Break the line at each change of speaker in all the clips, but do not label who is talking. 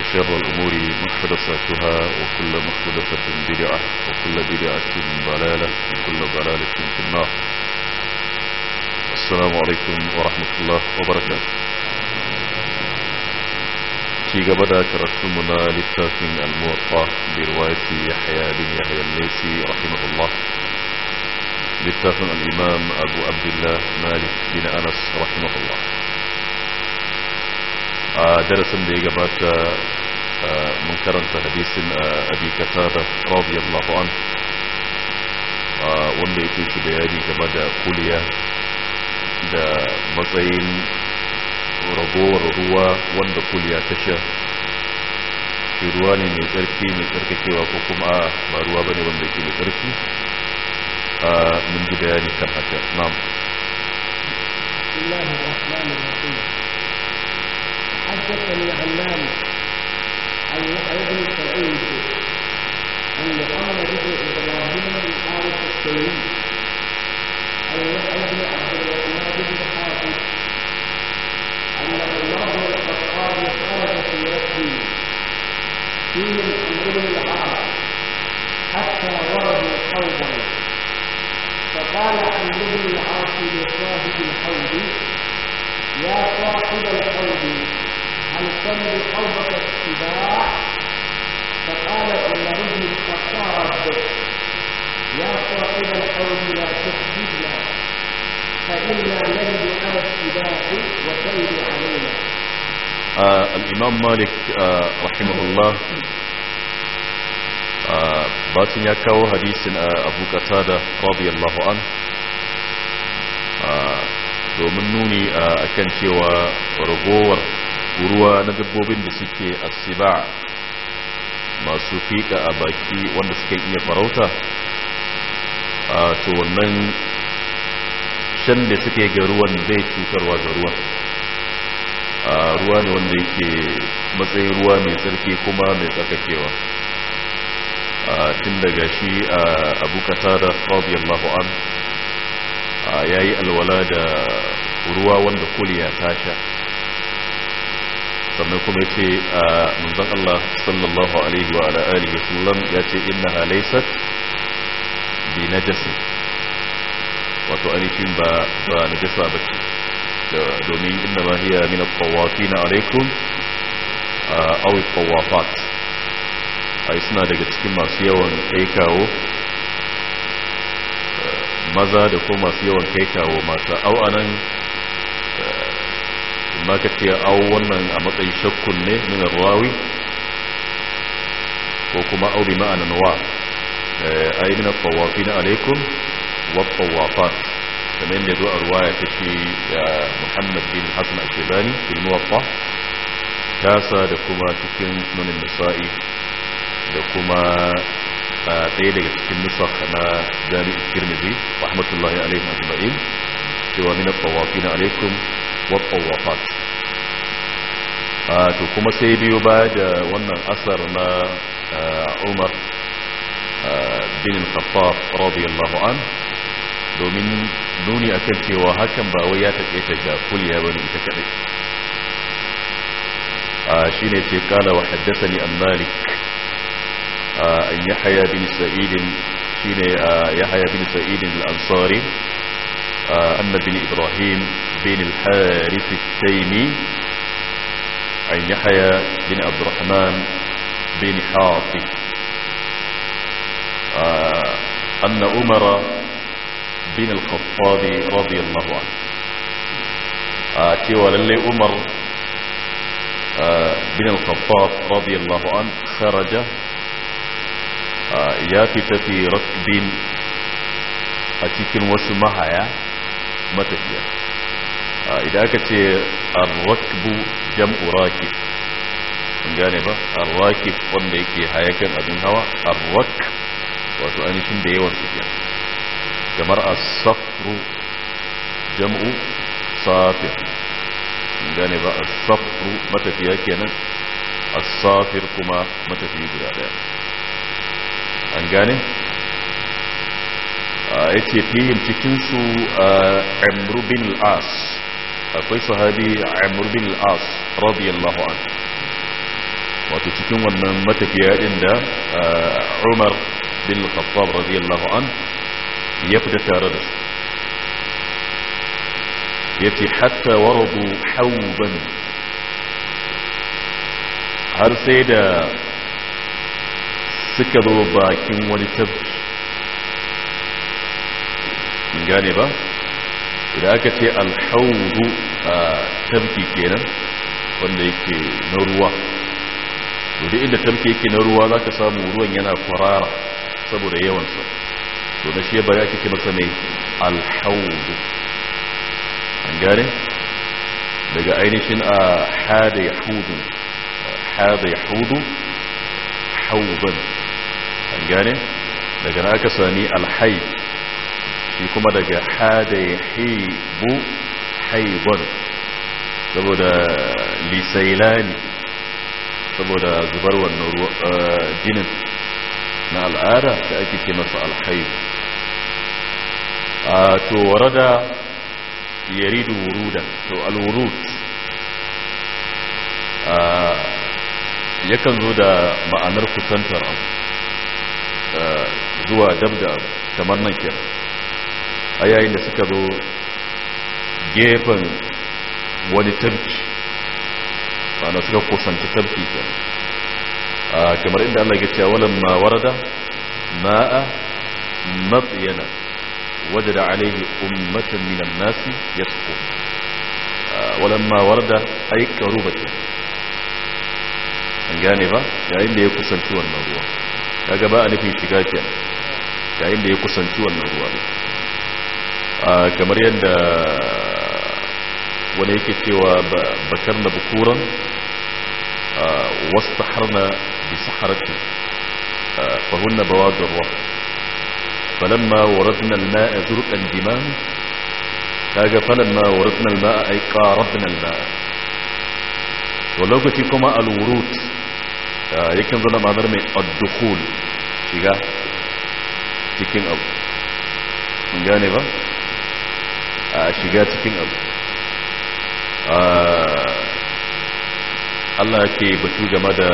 وشر الأمور محدثاتها وكل محدثة بدعة وكل بدعة ضلالة وكل ضلالة في النار السلام عليكم ورحمة الله وبركاته في قبضة كرتمنا للتافن الموطة برواية يحيى بن يحيى الليثي رحمه الله للتافن الإمام أبو عبد الله مالك بن أنس رحمه الله a darasin da ya gabata mun karanta hadisin abi katada radiyallahu an wanda yake shi bayani game da kuliya da matsayin ragowar ruwa wanda kuliya ta sha shi ruwa ne mai tsarki mai tsarkakewa ko kuma ba ruwa bane wanda yake mai tsarki mun ji bayani kan haka na'am
حدثني همام عن يحيى بن سعيد أن قال به إبراهيم بن خالد السيد عن يحيى بن عبد الرحمن بن حافظ أن الله بن الخطاب خرج في ربي فيهم أمر العار حتى وردوا حوضا فقال عمرو بن العاص لصاحب الحوض يا صاحب الحوض هل تملك قومك السباع فقال إن رجل فصاب يا صاحب القوم لا تخزنا فإنا نجد على السباع وكيد علينا
آه الإمام مالك آه رحمه آه، آه، الله آه باتن ya kawo hadisin abu qatada radiyallahu an domin nuni akan cewa ragowar ruwa na dabbobin da suke asiba masu fiƙa a baki wanda suke iya farauta a to wannan shan da suke ga ruwan zai cutarwa ga ruwan a ruwa ne wanda yake matsayin ruwa mai tsarki kuma mai a tun daga shi abu da radiyallahu an ya yi alwala da ruwa wanda kuliya ta sha sannan kuma ya ce manzon Allah sallallahu alaihi wa ala wa sallam ya ce innaha laysat bi na najasi wato ainihin ba ba najasa bace domin inna ma hiya min at-tawafin alaikum aw at-tawafat ai suna daga cikin masu yawan kai kawo maza da ko masu yawan kai kawo mata au anan amma ka ce au wannan a matsayin shakkun ne min rawi ko kuma au bi ma'anan wa ai min tawafin alaikum wa tawafat kamar da zuwa ruwaya ta shi Muhammad bin Hassan Ashebani fil muwatta tasa da kuma cikin sunanin nisa'i da kuma ɗaya daga cikin nusakh na jami'in tirmidhi rahmatullahi alaihi ajma'in cewa min tawafin alaikum والطوافات to kuma sai biyo baya da wannan asar na umar bin khattab radiyallahu an domin nuni akan cewa hakan ba wai ya ta ga kuliya bane ita kadai shine ce kala wa haddathani an malik an yahya bin sa'id shine yahya bin sa'id al-ansari anna bin ibrahim بن الحارث التيمي عن يحيى بن عبد الرحمن بن حاطب آه، أن أمر بن الخطاب رضي الله عنه آه للي أمر آه، بن الخطاب رضي الله عنه خرج آه، يافت في ركب أتكن وسمها يا متفيا idan aka ce arrakbu jam'u rakib kun gane ba arrakib wanda yake hayakan abin hawa arrak wato ainihin da yawan su kamar as-safru jam'u safir kun gane ba as-safru matafiya kenan as-safir kuma matafiya guda daya an gane ya ce fihim cikinsu amru bin al-as akwai sahabi amr bin al-as radiyallahu anhu wato cikin wannan matafiya din da umar bin al-khattab radiyallahu anhu ya fita tare da su yace hatta waradu hawban har sai da suka zo bakin wani tabbi gane ba idan aka ce alhaudu a tafki kenan wanda yake na ruwa duk inda tafki yake na ruwa za ka samu ruwan yana kwarara saboda yawansa to na shi bari ake ce masa mai alhaudu an gane daga ainihin a hada ya hudu hada ya hudu hauban an gane daga na aka sami alhaif shi kuma daga hada ya haibu haibon saboda lisailani saboda zubarwar wannan jinin eh, na al'ada da ake ke masa alhaibu a ah, to warada yaridu wuruda to alwurud ah, yakan zo da ma'anar kusantar eh, zuwa dab da kamar nan kenan a yayin da suka zo gefen wani tabki ana suka kusanta tabki kamar inda Allah ya ce walan ma warada ma'a matyana wajada alaihi ummatan minan nasi yasqu walan ma warada ay qarubati an gane ba yayin da ya kusanci wannan ruwa kaga ba a nufin shiga ke yayin da ya kusanci wannan ruwa kamar yadda wani yake cewa bakar na bukuran wasu harna fahun na bawa da ruwa falon ma falamma waradna alma'a zurqan bima kaga falamma waradna a aika qaradna alma'a to lokaci kuma alwurut yakin zo da ma'anar mai addukul shiga cikin abu gane ba a shiga cikin abu Allah yake batu game da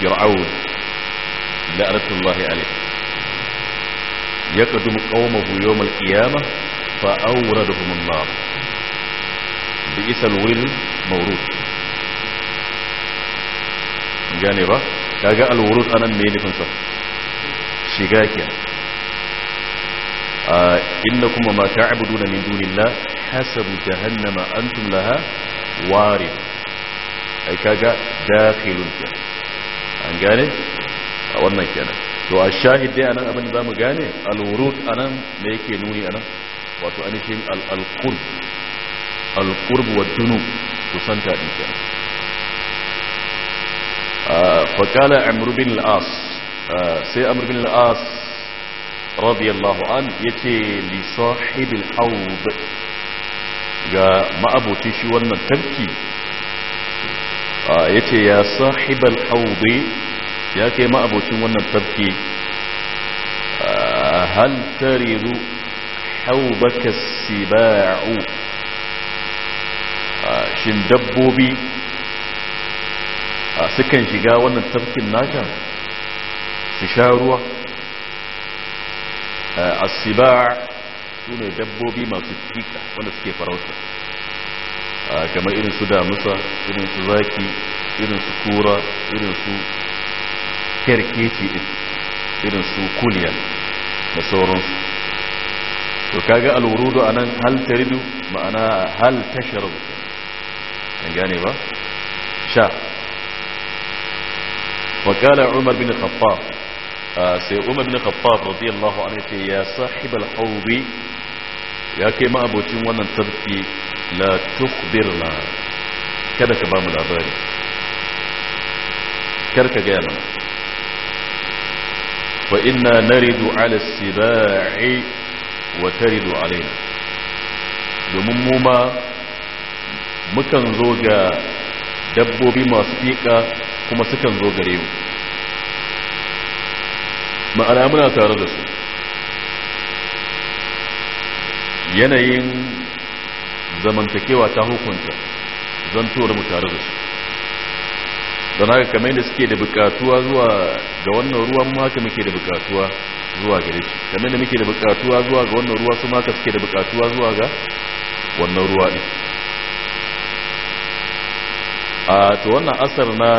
fir'aun la'anatullahi alayh yaqdumu qaumahu yawm al-qiyamah fa awraduhum an-nar bi'sa al-wil mawrud gane ba kaga al-wurud anan me nufin sa shiga kenan آه، إنكم وما تعبدون من دون الله حسب جهنم أنتم لها وارد أي كاجا داخل فيها أن قاني أولنا كينا تو الشاهد دي أنا أبن بام قاني الورود أنا ميكي نوني أنا أنا أنشين القرب القرب والجنوب تسنتا دي كينا آه، فقال عمرو بن العاص آه، سي عمرو بن العاص radiyallahu an yace li sahibil haud ga ma'abuci shi wannan tafki yace ya sahibal haud ya kai ma'abucin wannan tafki hal taridu haubaka siba'u shin dabbobi sukan shiga wannan tafkin naka su sha ruwa Eh, asiba su ne dabbobi masu fika wanda suke farauta eh, kamar irin su damusa irin su zaki irin su kura irin su kerkeci irin su kuliya da sauransu to kaga alwurudu a nan hal taridu ma'ana hal tashar an gane ba sha wakala umar bin khattab sai umar bin khattab radiyallahu anhu yace ya sahibal haudi ya kai ma abocin wannan tafki la tukhbirna kada ka ba mu labari kar ka gaya mana fa inna naridu ala sibai wa taridu alaina domin mu ma mukan zo ga dabbobi masu fiƙa kuma sukan zo gare mu ma'ana muna tare da su yanayin zamantakewa ta hukunta tura mu tare da su don haka kamar yadda suke da bukatuwa zuwa ga wannan ruwan mu haka muke da bukatuwa zuwa gare shi kamar yadda muke da bukatuwa zuwa ga wannan ruwa su maka suke da bukatuwa zuwa ga wannan ruwa ne a to wannan asar na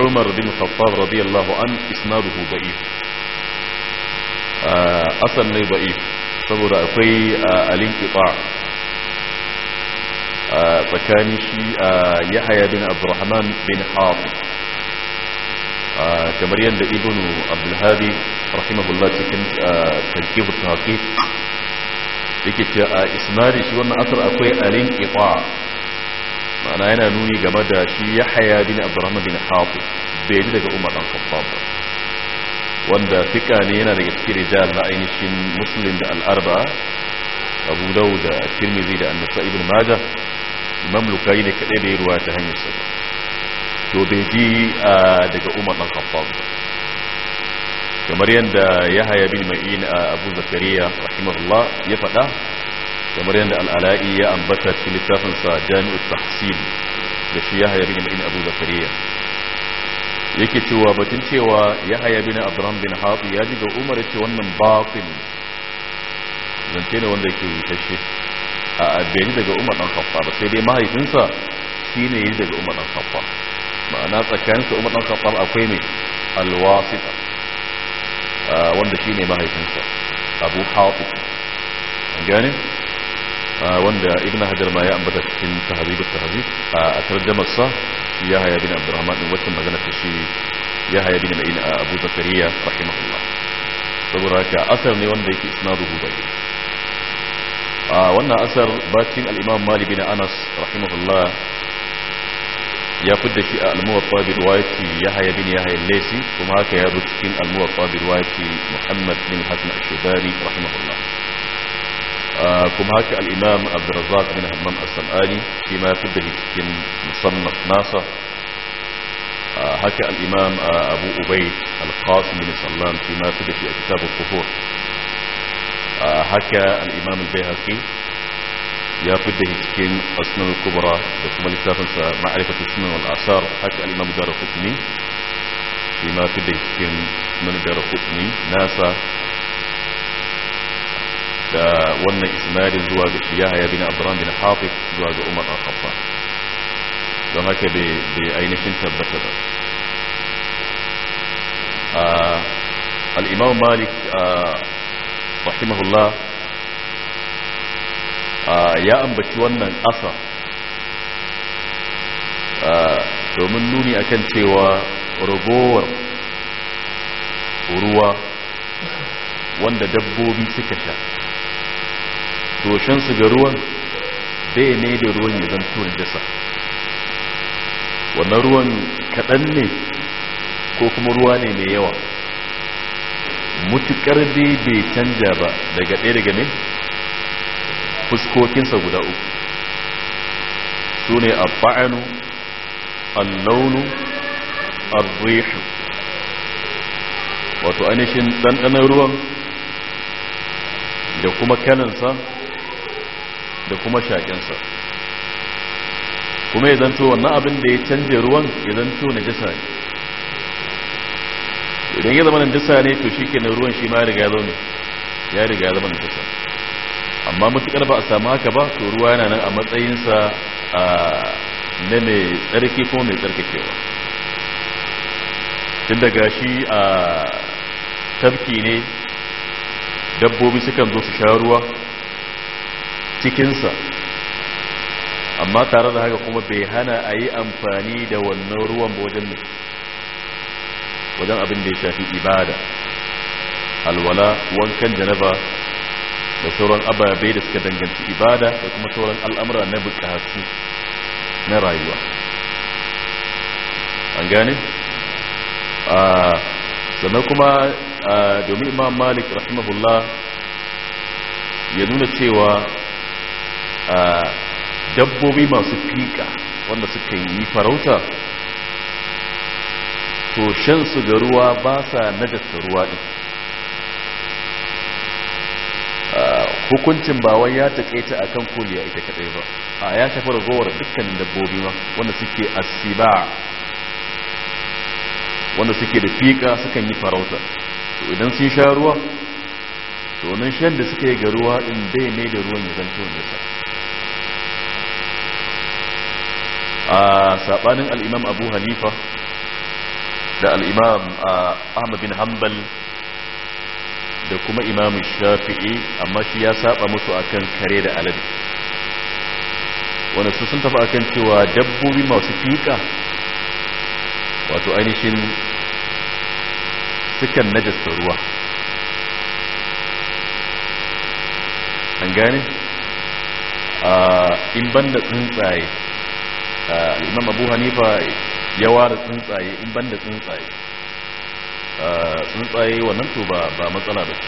عمر بن الخطاب رضي الله عنه اسناده ضعيف آه، اصلا ني ضعيف سبب اكوي آه، الانقطاع تكاني آه، شي يحيى بن عبد الرحمن بن حاطب كما يند ابن عبد الهادي رحمه الله تكن تركيب التحقيق يكي تي شي وانا اثر اكوي الانقطاع ma'ana yana nuni game da shi yahya bin abdurrahman bin hafi bai ji daga umar dan khattab wanda fika ne yana daga cikin rijal na ainihin muslim da al'arba abu dawud da tirmidhi da annasa ibn majah imam lukai ne kadai da ya ruwa ta hanyar sa to bai ji daga umar dan khattab kamar yadda yahaya bin ma'in abu zakariya rahimahullah ya faɗa kamar yadda al'ala'i ya ambata cikin littafinsa jami'u tahsil da shi ya haya bin ibn abu zakariya yake cewa batun cewa ya haya bin abdurrahman bin hatu ya ji ga umar ya ce wannan batil zance ne wanda yake rushashe a bai daga umar dan khattab ba sai dai mahaifinsa shine yi daga umar dan khattab ma'ana tsakaninsa umar dan khattab akwai mai alwasita ah, wanda shine mahaifinsa abu hafi an wanda ibn hajar ma ya ambata cikin tahzibut tahrib a tarjumar sa ya haya bin abdurrahman din wacce magana ta shi ya haya bin ma'in abu zakariya rahimahullah saboda haka asar ne wanda yake isnaduhu bai a wannan asar bacin al-imam malik bin anas rahimahullah ya fidda shi a al-muwatta bi riwayati yahya bin yahya al-laysi kuma haka ya zo cikin al-muwatta bi riwayati muhammad bin hasan al-shaybani rahimahullah kuma haka al'imam abdurazak bin hammam as-sam'ani shi ma ya fi da cikin musannaf nasa haka al'imam abu ubaid al-qasim bin sallam shi ma fi da shi a kitabun kufur haka al'imam al-bayhaqi ya fi da cikin asnan kubra da kuma littafinsa ma'arifatu sunan wal-asar haka al'imam darar hukumi shi ma fi da cikin sunan darar hukumi nasa da wannan isnadin zuwa ga yahaya bin abdurrahman bin hafiz zuwa ga umar al-khattab don haka bai ainihin tabbata ba al-imam malik rahimahullah ya ambaci wannan asa domin nuni akan cewa ragowar ruwa wanda dabbobi suka sha toshensu ga ruwan bai ne da ruwan ya zanto jisa wannan ruwan kaɗan ne ko kuma ruwa ne mai yawa mutukar dai bai canja ba daga ɗaya daga ne fuskokinsa guda uku su ne a launu, allaunu arzihu wato ainihin ɗanɗanar ruwan da kuma kanansa da kuma shaƙinsa kuma ya zanto wannan abin da ya canje ruwan ya zanto jisa ne idan ya zama na jisa ne to shi na ruwan shi ma ya riga ya zaune ya riga ya zama jisa amma matuƙar ba a samu haka ba to ruwa yana nan a matsayinsa na mai tsarki ko mai tsarkakewa tun daga shi a tafki ne dabbobi sukan zo su sha ruwa cikinsa amma tare da haka kuma bai hana a yi amfani da wannan ruwan wajen mai wajen abin da ya shafi ibada alwala wankan janaba da sauran ababe da suka danganci ibada da kuma sauran al'amura na bukatu na rayuwa an gane? sannan kuma domin imam malik rahimahullah ya nuna cewa dabbobi masu fiƙa wanda suka yi farauta to shan su ga ruwa ba sa najasta ruwa ɗin hukuncin bawai ya taƙaita a kan koliya ita kaɗai ba a ya shafi ragowar dukkan dabbobi ma wanda suke asiba wanda suke da fiƙa sukan yi farauta to idan sun sha ruwa to nan shan da suka yi ga ruwa ɗin bai mai da ruwan ya zanto nisa a saɓanin al'imam abu hanifa da al'imam ahmad bin hanbal da kuma imam shafi'i amma shi ya saba musu akan kare da alade wanda su sun tafi akan cewa dabbobi masu fika wato ainihin sukan najasta ruwa an gane in banda tsuntsaye Ah, imam abu hanifa ya ware tsuntsaye in ban da tsuntsaye ah, tsuntsaye wannan to ba matsala ba ce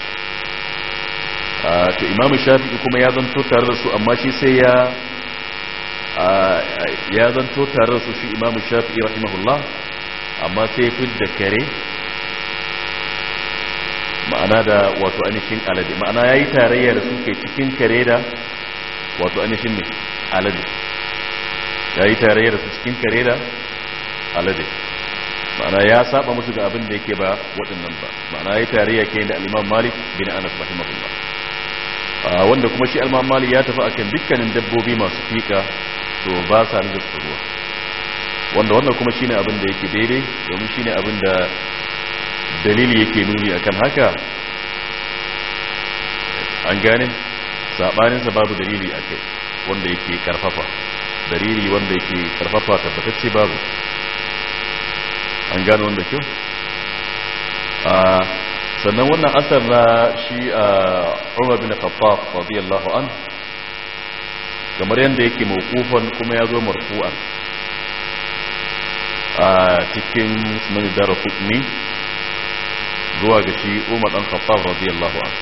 ah, to imam shafi'i kuma ya zanto tare da su amma shi sai ya ya zanto tare da su shi imam shafi'i rahimahullah amma sai fi da kare ma'ana da wato ainihin alade ma'ana ya yi tarayya da su ke cikin kare da wato ainihin mai alade ya yi tarayya da su cikin kare da alade ma'ana ya saba musu ga abin da yake ba waɗannan ba ma'ana ya yi tarayya ke da al'imam malik bin anas ba. wanda kuma shi al'imam malik ya tafi akan dukkanin dabbobi masu fika to ba sa nuna ruwa wanda wannan kuma shine abin da yake daidai domin shine abin da dalili yake nuni akan haka an gane saɓaninsa babu dalili akai wanda yake karfafa dalili wanda yake karfafa tabbatacce babu an gano wanda kyau sannan wannan asar na shi a umar bin khattab radiyallahu an kamar yadda yake maƙufan kuma ya zo marfu'an a cikin sunan darqutni zuwa ga shi umar dan khattab radiyallahu an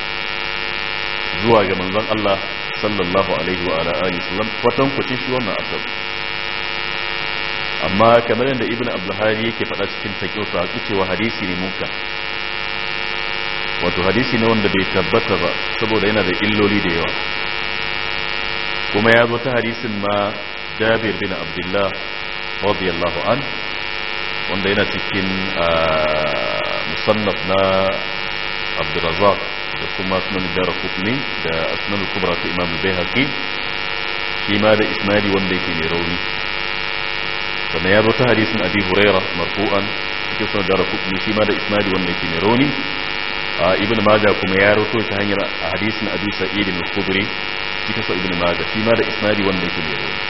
zuwa ga manzon Allah sallallahu alaihi wa alihi wasallam kwatan kucin shi wannan asar amma kamar yadda ibnu abdulhari yake faɗa cikin taqiyyu sa cewa hadisi ne munkar wato hadisi ne wanda bai tabbata ba saboda yana da illoli da yawa kuma ya zo ta hadisin ma jabir bin abdullah radiyallahu an wanda yana cikin ah, musannaf na abdurrazzaq da kuma sunan darqutni da asnan kubra ta imam al-baihaqi shi ma da isnadi wanda yake mai rauni sannan ya zo ta hadisin abi huraira marfu'an cikin sunan darqutni shi ma da isnadi wanda yake mai rauni ibn majah kuma ya rawaito ta hanyar hadisin abi sa'id al-khudri cikin sunan ibn majah shi ma da isnadi wanda yake mai rauni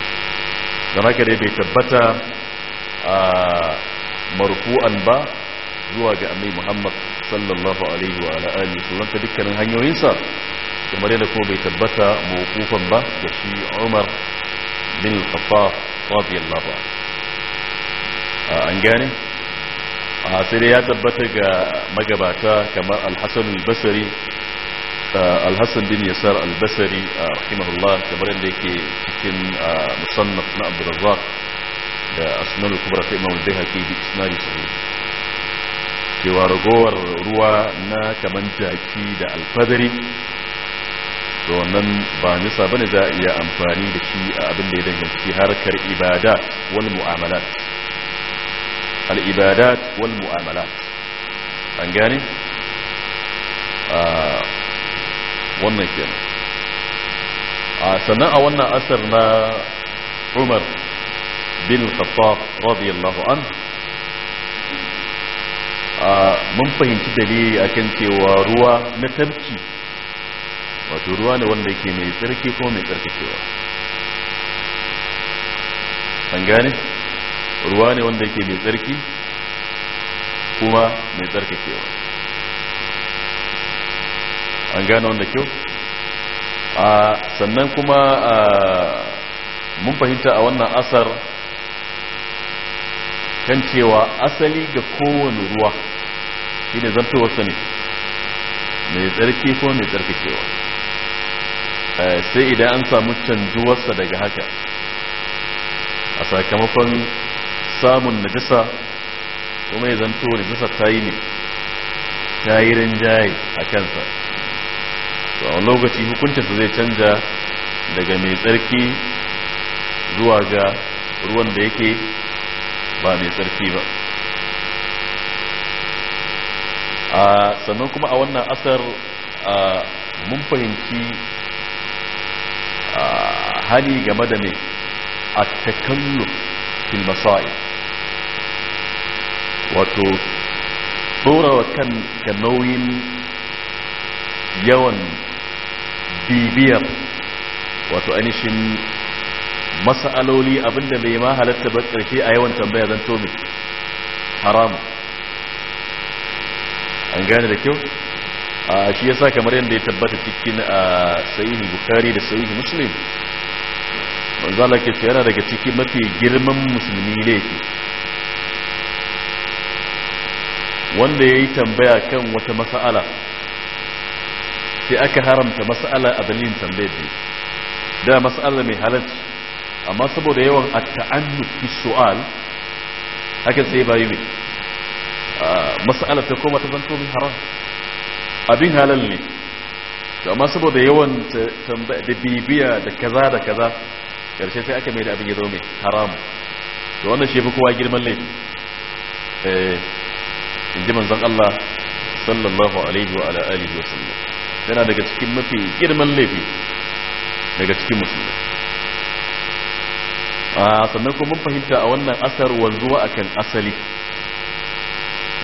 dan haka dai bai tabbata marfu'an ba zuwa ga annabi Muhammad sallallahu alaihi wa ala alihi sallam ta dukkanin sa kamar yadda ko bai tabbata mawqufan ba ga shi Umar bin khattab radiyallahu anhu an gane a sai dai ya tabbata ga magabata kamar Al-Hasan al-Basri Al-Hasan bin Yasar al-Basri rahimahullah kamar yadda yake cikin musannaf na Abdurrazzaq da asnanul kubra ta Imam al-Baihaqi bi isnadi sahih cewa ragowar ruwa na kaman jaki da alfadari to wannan ba nisa bane za a iya amfani da shi a abin da ya danganci harkar ibada wal mu'amalat al ibadat wal mu'amalat an gane a wannan kenan a sannan a wannan asar na Umar bin Khattab radiyallahu anhu mun fahimci dalili akan cewa ruwa na tafki wato ruwa ne wanda yake mai tsarki ko mai tsarkakewa an gane ruwa ne wanda yake mai tsarki kuma mai tsarkakewa an gane wanda kyau sannan kuma mun fahimta a wannan asar kan cewa asali ga kowane ruwa shine zartowarsa ne mai tsarki ko mai tsarkakewa eh, sai idan an samu canjuwarsa daga haka a sakamakon samun najasa kuma ya zanto najasa ta yi ne ta yi rinjaye a kansa to a lokaci hukuncinsa zai canja daga mai tsarki zuwa ga ruwan da yake ba mai tsarki ba a sannan kuma a wannan asar mun fahimci hani game da mai a takallum fil masai wato tsorawa kan ka nauyin yawan bibiyar wato ainihin mas'aloli abinda bai ma halatta ba karshe a yawan tambaya zan to haram. an gane da kyau a shi yasa kamar yadda ya tabbata cikin a sahihi bukhari da sahihi muslim manzala ke yana daga ciki mafi girman musulmi ke. wanda ya yi tambaya kan wata mas'ala sai aka haramta mas'ala a dalilin tambayar da mas'ala mai halarci amma saboda yawan at-ta'annu fi su'al hakan sai bayi mai ah, mas'ala ta koma ta zanto min haram abin halal ne amma saboda yawan tambaya da bibiya da kaza da kaza karshe sai aka mai da abin ya zo mai haram to wannan shi fi kowa girman laifi eh inji manzon Allah sallallahu alaihi wa ala alihi wa sallam yana daga cikin mafi girman laifi daga cikin musulmi sannan kuma mun fahimta a wannan asar wanzuwa akan asali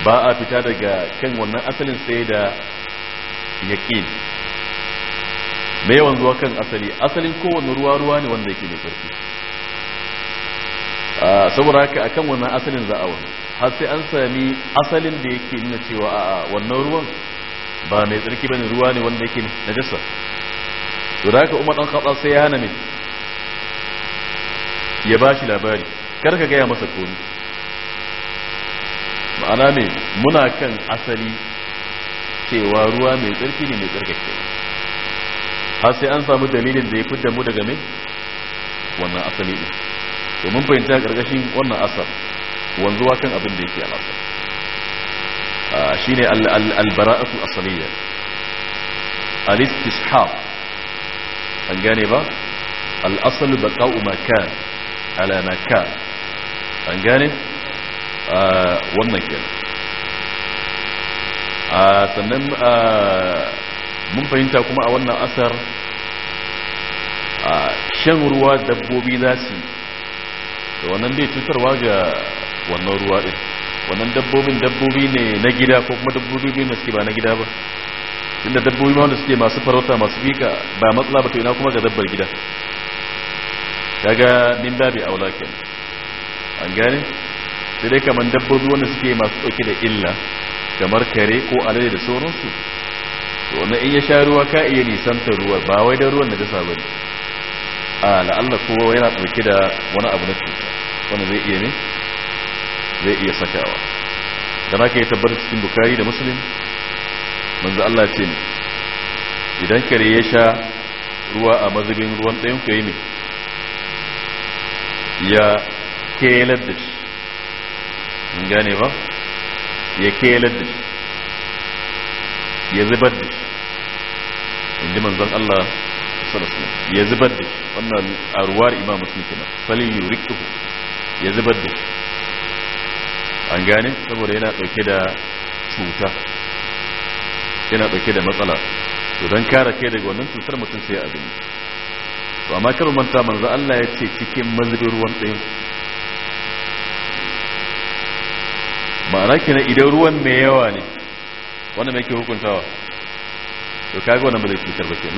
ba a fita daga kan wannan asalin sai da yakin me wanzuwa kan asali asalin kowane ruwa ruwa ne wanda yake mai ƙarfi saboda haka akan wannan asalin za a wani har sai an sami asalin da yake nuna cewa a wannan ruwan ba mai tsarki bane ruwa ne wanda yake najasa to da haka umar dan khattab sai ya hana mai ya ba shi labari kar ka gaya masa komi ma'ana ne muna kan asali cewa ruwa mai tsarki ne mai tsarkake har sai an samu dalilin da ya fitar mu daga me wannan asali ne domin fahimta karkashin wannan asar wanzuwa kan abin da yake al'asar shine ne albara'atu asaliya al-istishab an gane ba al-asal baqa'u makan ala ka an gane wannan a sannan mun fahimta kuma a wannan asar shan ruwa dabbobi za su da wannan bai cutarwa ga wannan ruwa din wannan dabbobin dabbobi ne na gida ko kuma dabbobi ne suke ba na gida ba inda dabbobi ma wanda suke masu farauta masu fika ba matsala ba to ina kuma ga dabbar gida kaga min babi aula kenan an gane sai dai kamar dabbobi wanda suke masu dauke da illa kamar kare ko alade da sauransu to na in ya sha ruwa ka iya nisantar ruwa ba wai da ruwan najasa ne. a la'alla ko yana dauke da wani abu na cuta wanda zai iya ne zai iya sakawa dan haka ya tabbata cikin bukari da muslim manzo Allah ya ce idan kare ya sha ruwa a mazubin ruwan ɗayan ku yi mai ya kelar da shi gane ba ya kelar da shi ya zubar da shi in ji manzon Allah ya zubar da shi wannan a imam muslim kenan fali yurikihu ya zubar da shi an gane saboda yana dauke da cuta yana dauke da matsala to don kare kai daga wannan cutar mutum sai abin to amma kar manta manzo Allah ya ce cikin mazubin ruwan ɗayan ma'ana kina idan ruwan mai yawa ne wannan mai ke hukuntawa to kaga wannan ba zai cutar ba ke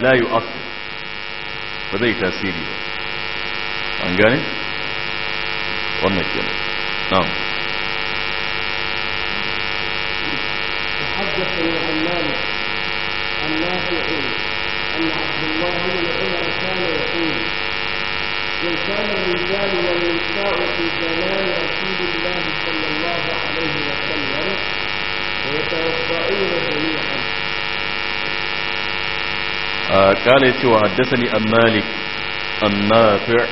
la yu asir ba zai tasiri ba an gane wannan kenan na'am
حدثني عن مالك عن نافع عن عبد الله بن عمر كان يقول من كان الرجال والنساء في زمان رسول الله صلى الله عليه وسلم ويتوفاون جميعا
آه قال يتوى حدثني عن مالك النافع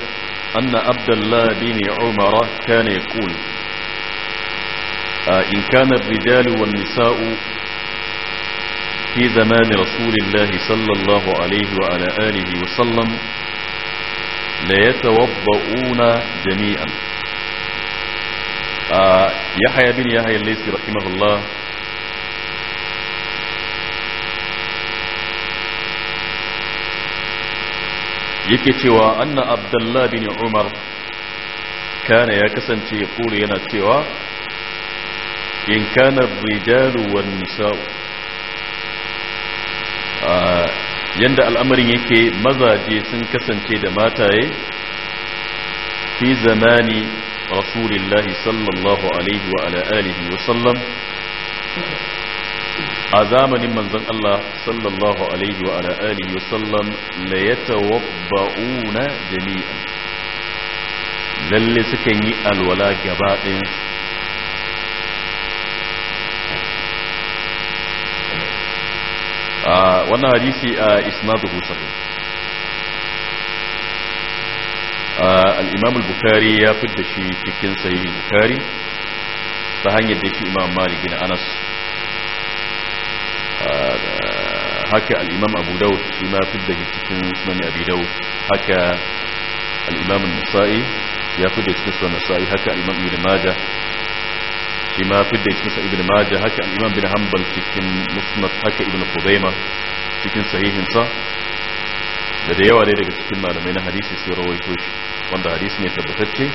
أن عبد الله بن عمر كان يقول آه إن كان الرجال والنساء في زمان رسول الله صلى الله عليه وعلى آله وسلم لا يتوضؤون جميعا آه، يحيى بن يحيى الليث رحمه الله يكتوى أن عبد الله بن عمر كان يا يكسنتي يقول ينتوى إن كان الرجال والنساء Yadda al'amarin yake mazaje sun kasance da mataye fi zamani rasulillahi sallallahu alaihi wa ala alihi wa sallam a zamanin manzon Allah sallallahu alaihi wa ala alihi wa sallam la yatawabba'una jami'a. lalle sukan yi alwala gaba ɗayansu wannan hadisi isnaduhu sahih al-imam al-bukhari ya fidda shi cikin sahih bukhari ta hanyar da shi imam malik bin anas haka al-imam abu daud shi ma fidda shi cikin sunan abi daud haka al-imam an-nasa'i ya fidda cikin sunan nasa'i haka al-imam ibn majah shi ma fidda cikin sa ibn majah haka al-imam bin hanbal cikin musnad haka ibn khuzaimah cikin sahihin sa da da yawa daga cikin malamai na hadisi sun rawaito shi wanda hadisi ne tabbatacce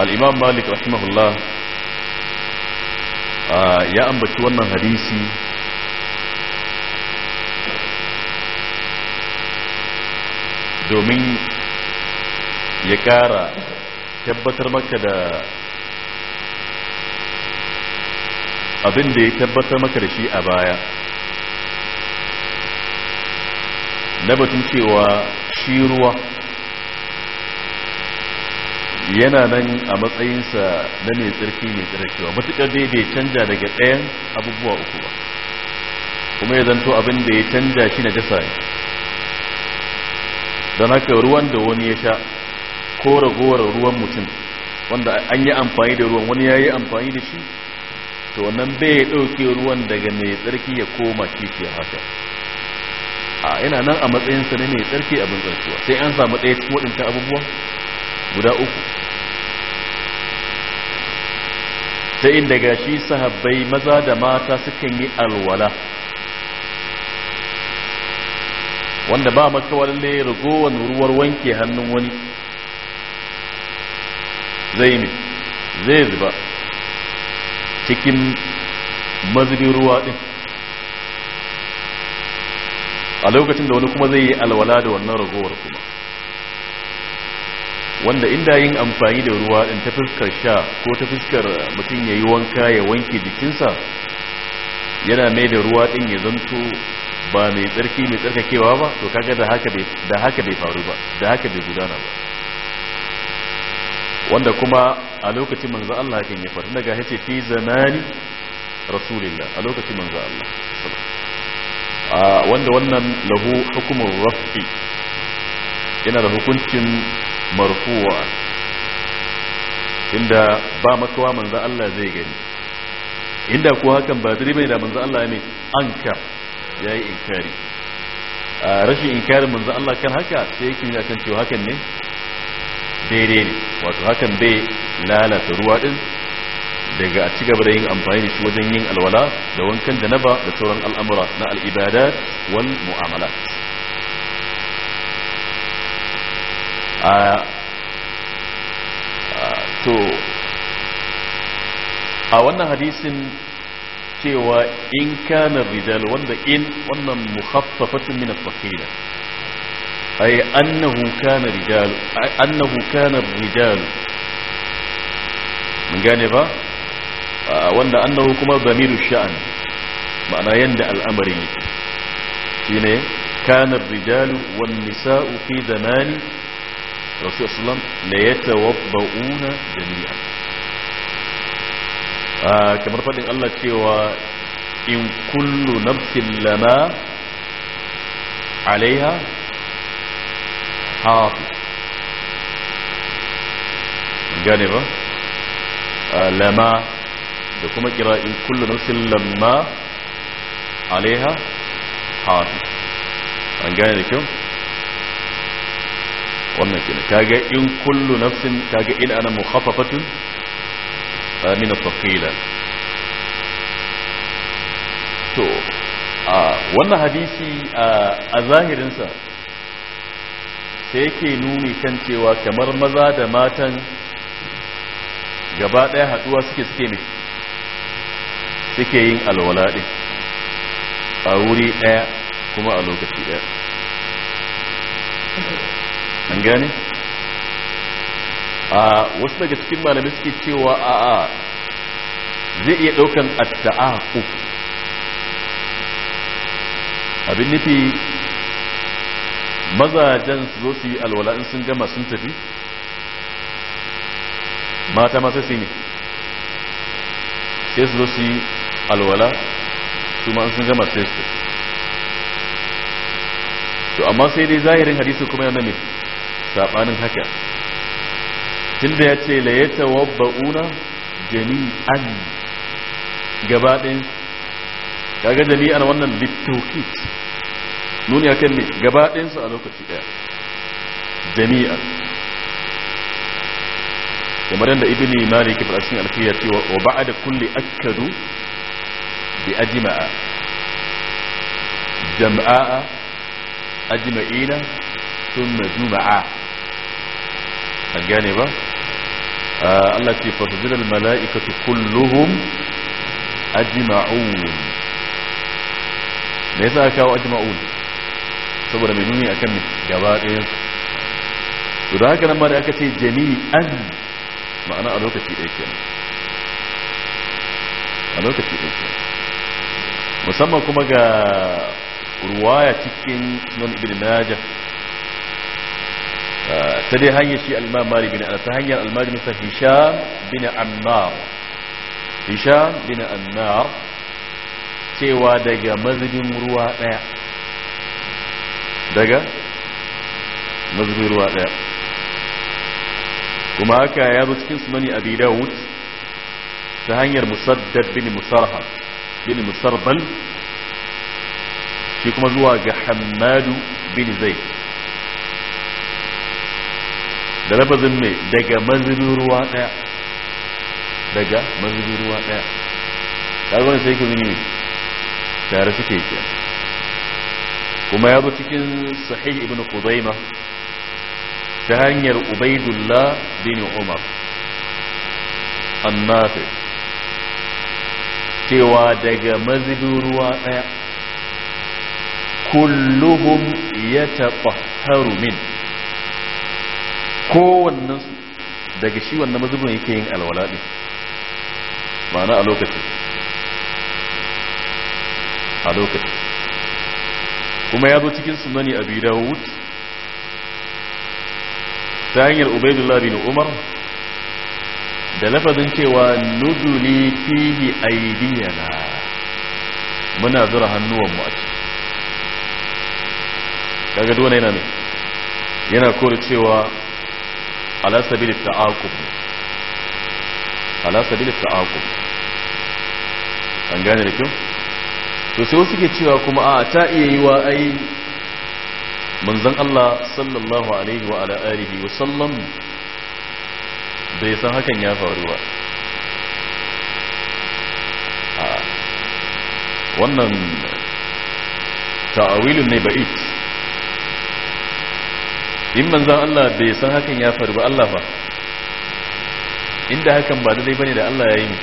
al-imam malik rahimahullah ya ambaci wannan hadisi domin ya kara tabbatar maka da abin da ya tabbatar maka da shi a baya na batun cewa shi ruwa yana nan a matsayinsa na mai tsarki mai tsarkiwa matuƙar dai bai canja daga ɗayan abubuwa uku ba kuma ya zanto abin da ya canja shi na jasa ne don haka ruwan da wani ya sha ko ragowar ruwan mutum wanda an yi amfani da ruwan wani ya yi amfani da shi to wannan bai ya ɗauke ruwan daga mai tsarki ya koma kifi haka a yana nan a matsayin sa ne mai tsarki abin tsarkiwa sai an samu ɗaya cikin waɗancan abubuwa guda uku ta inda shi sahabbai maza da mata sukan yi alwala wanda ba makawa lalle ragowar ruwar wanke hannun wani zai zai zuba cikin mazubin ruwa din a lokacin da wani kuma zai yi alwala da wannan ragowar kuma wanda inda yin amfani da ruwa din ta fuskar sha ko ta fuskar mutum ya yi wanka ya wanke jikinsa yana mai da ruwa din ya zanto ba mai tsarki mai tsarkakewa ba to kaga da haka bai faru ba da haka bai gudana ba wanda kuma a lokacin manzo Allah hakan yi faru daga yace fi zamani rasulillah a lokacin manzo Allah wanda wannan lahu hukumar rafi yana da hukuncin marfuwa inda ba makawa manzo Allah zai gani inda ko hakan ba dare bai da manzo Allah ne anka yayi inkari rashin inkarin manzo Allah kan haka sai yake nuna kan cewa hakan ne daidai ne wato hakan bai lalata ruwa din daga a ci gaba da yin amfani da shi wajen yin alwala da wankan da naba da sauran al'amura na al'ibadat wal mu'amalat a to a wannan hadisin cewa in kana ridal wanda in wannan mukhaffafatun min al-faqila ay annahu kana rijal annahu kana mun gane ba wanda annahu kuma zamiru sha'an ma'ana yanda al'amarin yake shine kana rijalu wan nisa'u fi zamani ya sallam la yatawabba'una jami'an kamar fadin Allah cewa in kullu nafsin lama alaiha الحافي جانبا آه، لما دكما كرا إن كل نفس لما عليها حافي أن جاني لكم وانا كنا كاجا إن كل نفس كاجا إن أنا مخففة آه، من الثقيلة تو آه وانا حديثي آه الظاهر انسان da yake nuni kan cewa kamar maza da matan gaba ɗaya haɗuwa suke suke ne suke yin alwala ɗin a wuri ɗaya kuma a lokaci ɗaya an gane? a wasu daga cikin malami suke cewa a a zai iya ɗaukan ku. abin nufi mazajen su zo su yi alwala in sun gama sun tafi mata ma sai su yi sai su zo su yi alwala su ma sun gama sai su to amma sai dai zahirin hadisi kuma yana mai sabanin haka tunda ya ce la wabba una jami'an gabaɗin kaga jami'an wannan littokit nuni akan ne gaba ɗayansu a lokaci ɗaya jami'a kamar yadda ibini malik ibn asin alfiya cewa wa ba'da kulli akkadu bi ajma'a jam'a'a ajma'ina thumma juma'a an gane ba Allah ce fa fasujira mala'ikatu kulluhum ajma'un me yasa kawo ajma'un saboda mai nuni akan gaba ɗaya su da haka nan ma da aka ce jami an ma'ana a lokaci ɗaya kenan a lokaci ɗaya kenan musamman kuma ga ruwaya cikin sunan ibn majah ta dai hanyar shi al-imam malik bin anas ta hanyar al-malik sa hisham bin ammar hisham bin ammar cewa daga mazubin ruwa ɗaya daga mazubin ruwa daya kuma haka ya zo cikin sunani abi dawud ta hanyar musaddad bin musarha bin musarbal shi kuma zuwa ga hamadu bin zai da lafazin mai daga mazubin ruwa daya daga mazubin ruwa daya kaga sai ke nuni mai tare suke kenan kuma ya zo cikin sahih ibn Khuzaimah ta hanyar Ubaidullah bin Umar annafi cewa daga mazibin ruwa ɗaya kulluhum ya taɓa min kowannensu daga shi wannan mazibin yake yin alwala ɗin ma'ana a lokaci a lokaci kuma ya zo cikin sunani abi dawud ta hanyar ubaidullah bin umar da lafazin cewa nuduli fihi aidiyana muna zura hannuwanmu a ciki kaga duwane yana mai yana kore cewa alasabili ta'akub alasabili ta'akub an gane da kyau to sai suke cewa kuma a ta iya yi wa ai manzan Allah sallallahu alaihi wa ala alihi wa sallam bai san hakan ya faru ba wannan ta'awilin ne ba'id in manzan Allah bai san hakan ya faru ba Allah ba inda hakan ba da daidai bane da Allah ya yi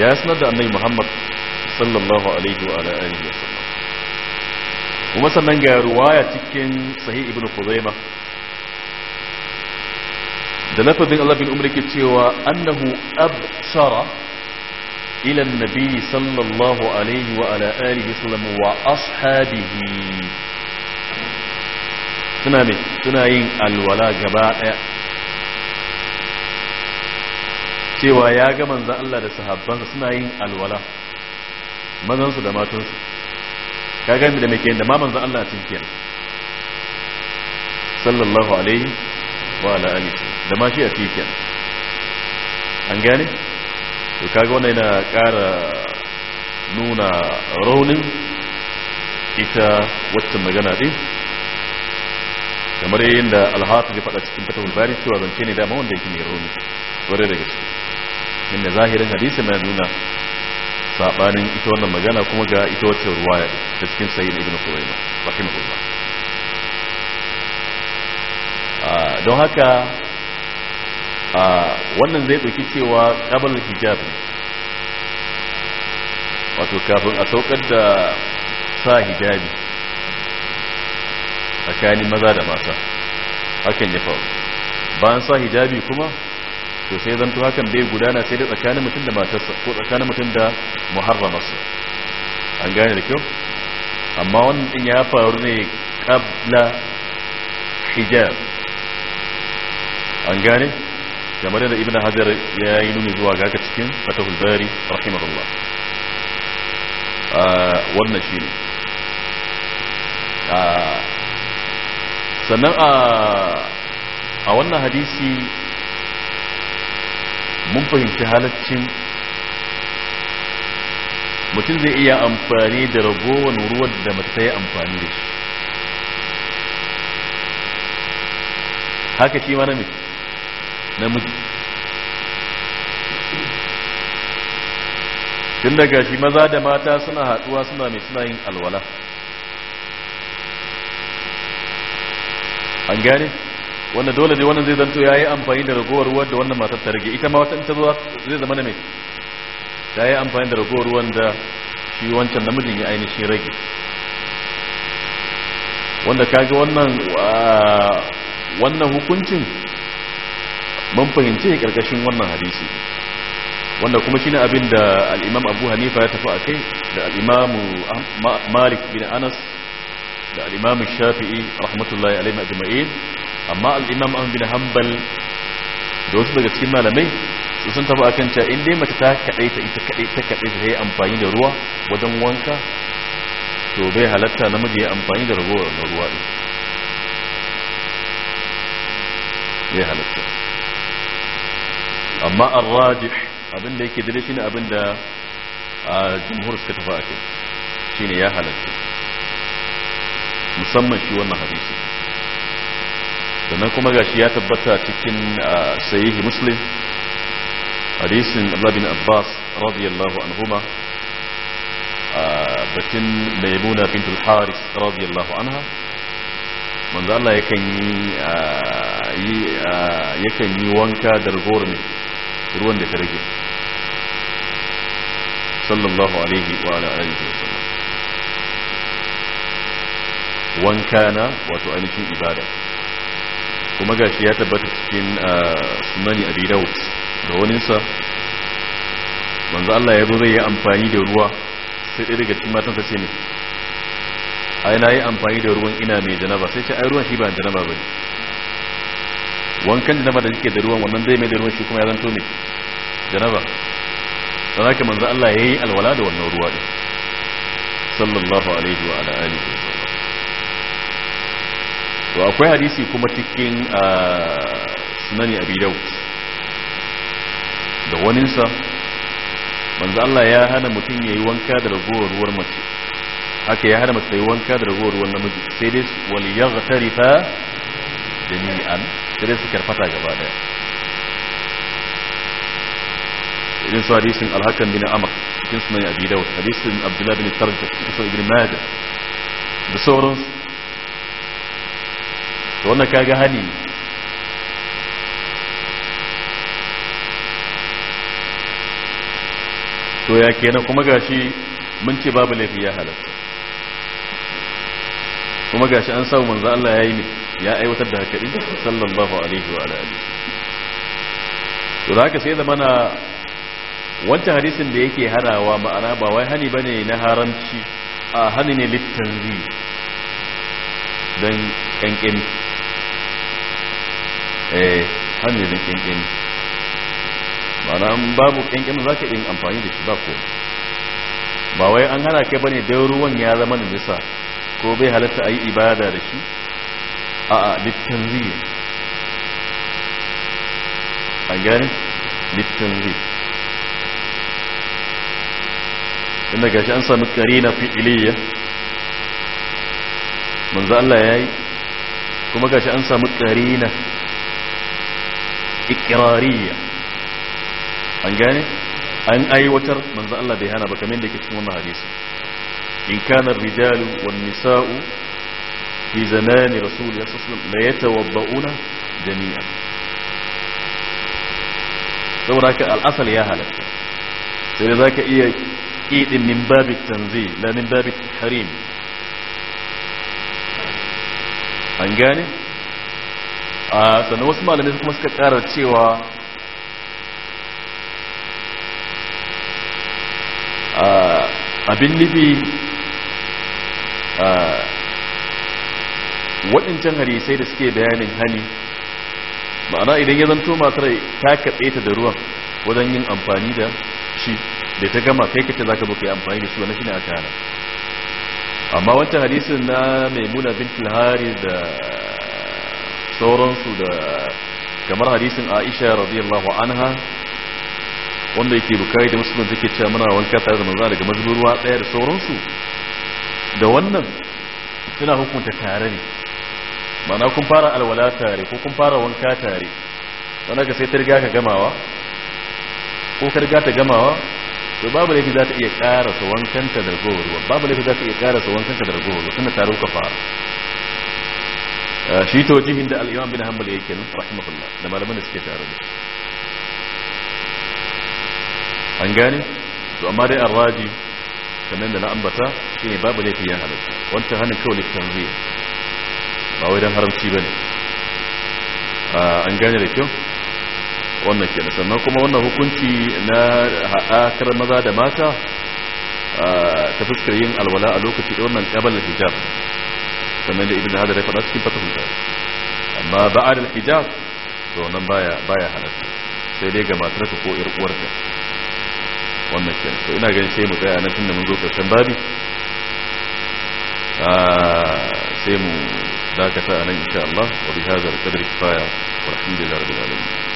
ya sanar da annabi Muhammad صلى الله عليه وعلى آله وسلم ومسلم رواية تكين صحيح ابن خزيمة دلف بن الله بن أمري كتير أنه أبصر إلى النبي صلى الله عليه وعلى آله وسلم وأصحابه سنامي سنائين الولا جباء cewa ya ga manzan الله da sahabban suna yin mazansu da matansu ka gami da mai da ma manzan Allah a cikin sallallahu alaihi wa ala alihi da ma shi a cikin an gane to kaga wannan yana ƙara nuna raunin ita waccan magana din kamar yayin da alhafi ya faɗa cikin fatahul bari cewa zance ne dama wanda yake mai rauni ƙwarai da gaske inda zahirin hadisi mai nuna sabanin ita wannan magana kuma ga ita wacce ruwaya ta cikin sayyid ibn khuzaima rahimahullah ah, don haka ah, wannan zai ɗauki cewa qabl hijab wato kafin a saukar da sa hijabi tsakanin maza da mata hakan ya faru bayan sa hijabi kuma to sai zanto hakan bai gudana sai da tsakanin mutum da matarsa ko tsakanin mutum da muharramarsa an gane da kyau amma wannan din ya faru ne kabla hijab an gane kamar yadda Ibn hajar ya yi nuni zuwa ga haka cikin fatahul bari rahimahullah ah, wannan shine ah, sannan ah, a wannan hadisi mun fahimci halaccin mutum zai iya amfani da ragowar ruwan da mace ta yi amfani da shi haka shi ma namiji namiji tun daga shi maza da mata suna haɗuwa suna mai suna yin alwala an gane? wanda dole ne wannan zai zanto yayi amfani da ragowar ruwan da wannan matar ta rage ita ma wata in zai zama na mai ta amfani da ragowar ruwan da shi wancan namijin ya ainihin rage wanda kaga wannan ah, wannan hukuncin mun fahimci karkashin wannan hadisi wanda kuma shine abin da al-Imam Abu Hanifa ya tafi akai da al-Imam Malik bin Anas da al-Imam Shafi'i rahmatullahi alaihi ajma'in amma al-imam ahmad bin hanbal da wasu daga cikin malamai su sun taba akan cewa in dai mace ta kadai ta ita kadai ta kadai ta yi amfani da ruwa wajen wanka to bai halatta namiji ya amfani da ragowar na ruwa din bai halatta amma an raji abin da yake dare shine abin da jumhur suka tafi akai shine ya halatta musamman shi wannan hadisi sannan kuma gashi ya tabbata cikin ah, sayihi muslim hadisin Abdullahi bin Abbas radiyallahu anhuma ah, batin Maimuna bint al-Haris radiyallahu anha manzo Allah yakan yi ah, yakan yi wanka da ragowar ruwan da ta rage sallallahu alaihi wa ala alihi wa sallam wanka na wato ainihin ibada kuma gashi ya tabbata cikin ah, sunani abi daud da sa. manzo Allah ya zo zai yi amfani da ruwa sai ɗaya daga cikin matansa ce ne ai na yi amfani da ruwan ina mai janaba sai ce ai ruwan shi ba janaba ba wankan janaba da yake da ruwan wannan zai mai da ruwan shi kuma ya zanto mai janaba don haka manzo Allah ya yi alwala da wannan ruwa din sallallahu alaihi wa alihi to akwai hadisi kuma cikin ah, sunani abi daud da waninsa manzo Allah ya hana mutum yayi wanka da ragowar ruwar mace haka ya hana mace tayi wanka da ragowar ruwan namiji sai dai wal yaghtarifa jami'an sai dai su karfata gaba daya irin su hadisin alhakan bin amr cikin sunan abi daud hadisin abdullah bin tarjah cikin ibn majah da sauransu to wannan kaga hani to ya kenan kuma gashi mun ce babu laifi ya halatta kuma gashi an samu manzo Allah ya yi ne ya aiwatar da haka din sallallahu alaihi wa alihi to haka sai mana wancan hadisin da yake hanawa ma'ana ba wai hani bane na haramci a hani ne littanzi dan kankani eh hannu kinkin ma'ana babu kinkin za ka iya amfani da shi ba ko ba wai an hana ke bane don ruwan ya zama da nisa, ko bai halatta a yi ibada da shi a a littanzir a gane littanzir inda gashi an sami karina fi'iliya manzo Allah ya yi kuma gashi an sami karina ikrariya an gane an aiwatar manzo Allah bai hana ba kamar da yake cikin wannan hadisi in kana rijalu wan nisa'u fi zamani rasulullahi sallallahu alaihi wasallam la yatawadda'una jami'an saboda haka al'asal ya halatta sai da zaka iya kidin min babit tanzil la min babit harim an gane a sannan wasu malamai kuma suka kara cewa abin nufi waɗancan hadisai da suke bayanin hani ma'ana idan ya zanto matar ta kaɓe ta da ruwan wajen yin amfani da shi da ta gama kai kata za ka kai amfani da shi wannan shine aka hana amma wancan hadisin na maimuna bin tilhari da sauransu da kamar hadisin aisha radiyallahu anha wanda yake bukari da musulun take cewa muna wanka tare da manza daga mazubin ruwa da sauransu da wannan suna hukunta tare ne mana kun fara alwala tare ko kun fara wanka tare don ka sai ta riga ka gamawa ko ka riga ta gamawa to babu laifi za ta iya karasa wankanta da ragowar ruwa babu laifi za ta iya karasa wankanta da ragowar ruwa tunda tare kuka fara Eh, shi tawjihin da al-imam bin hanbal yake nan rahimahullah da malaman da suke tare da an gane to amma dai arraji kamar da na ambata shine babu ne ya halatta wancan hana kawai tanzih ba wai dan haramci bane eh, an gane da kyau wannan kenan sannan kuma wannan hukunci na haɗakar maza da mata eh, ta fuskar yin alwala a lokaci wannan kabal hijab kamar da ibn hajar ya faɗa cikin fatahul bari amma ba'ad al-hijab to nan baya baya halatta sai dai ga matarka ko ƴar uwarka wannan kenan to ina ganin sai mu tsaya nan tunda mun zo karshen babi ah, sai mu dakata nan insha Allah wa bi hadha al-qadri kifaya walhamdulillahi rabbil alamin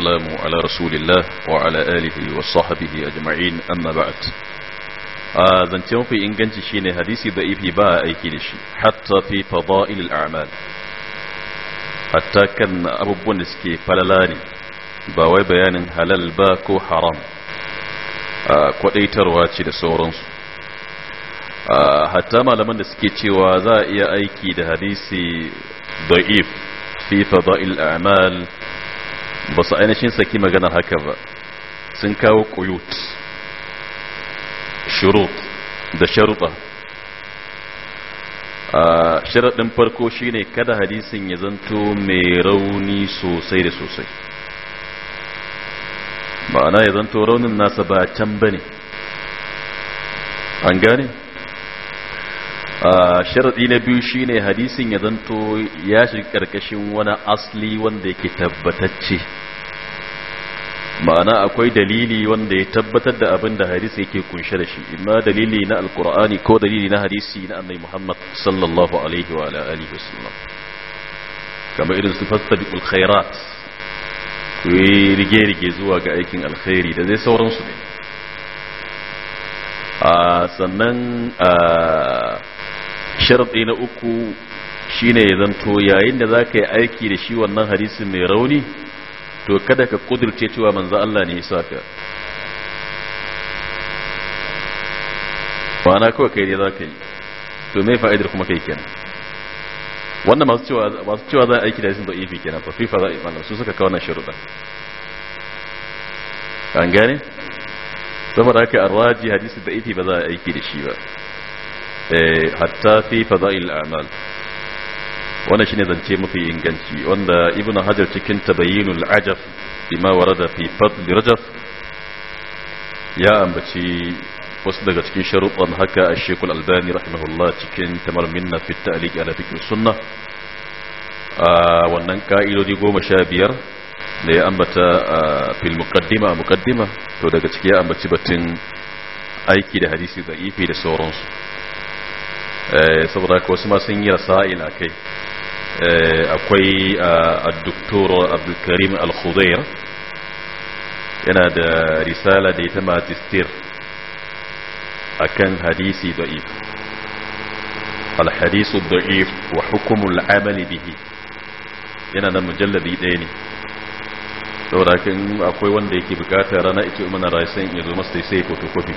والسلام على رسول الله وعلى آله وصحبه أجمعين أما بعد آه، زنتيون في إنجنج شين هديس ضعيف با أي كيلشي حتى في فضائل الأعمال حتى كان أبو بونسكي فللاني باوي بيان هلال باكو حرام آه، كوديتر واتشي لسورنس آه، حتى ما لمن سكيتشي وذا أي كيد هديس ضعيف في فضائل الأعمال ba su ainihin saki maganar haka ba sun kawo kuyut shirut da sharuɓa a sharaɗin farko shine kada hadisin ya zanto mai rauni sosai da sosai ma'ana ya zanto raunin nasa ba can ba ne an gane sharaɗi na biyu shine hadisin ya zanto ya shiga ƙarƙashin wani asali wanda yake tabbatacce ma'ana akwai dalili wanda ya tabbatar da abin da hadisi yake kunshe da shi imma dalili na alkur'ani ko dalili na hadisi na annabi muhammad sallallahu alaihi wa alihi wasallam kamar irin su fastabiqul khairat ku rige rige zuwa ga aikin alkhairi da zai sauransu ne a sannan a sharadi na uku shine ya zanto yayin da za ka yi aiki da shi wannan hadisi mai rauni to kada ka kudirce cewa manzo Allah ne ya ka Ba na kawai kai ne za ka yi to mai fa'idar kuma kai kenan wannan masu cewa masu cewa za a aiki da hadisin ifi kenan fa fifa za a yi mallam su suka kawo wannan sharuɗa an gane saboda haka arraji hadisi da'ifi ba za a aiki da shi ba إيه، حتى في فضائل الأعمال وانا شنو اذا نتيم في انجنتي وانا ابن حجر تكن تبين العجف بما ورد في فضل رجف يا أمبتي بتي وصدق تكن شروط هكا الشيخ الالباني رحمه الله تكن تمر منا في التأليق على فكر السنة آه، وانا كائلو دي قوم شابير لي ام آه، في المقدمة مقدمة تودا تكيا أمبتي بتي بتن اي كده حديثي ضعيفي لسورنسو saboda haka wasu ma sun yi rasa'ila kai akwai a doktor abdulkarim al-khudair yana da risala da ita matistir a kan hadisi da'if alhadisu da'if wa hukumul amali bihi yana da mujallabi ɗaya ne saboda kan akwai wanda yake bukatar rana ita mana rayu sai ya zo masa sai ya fotokofi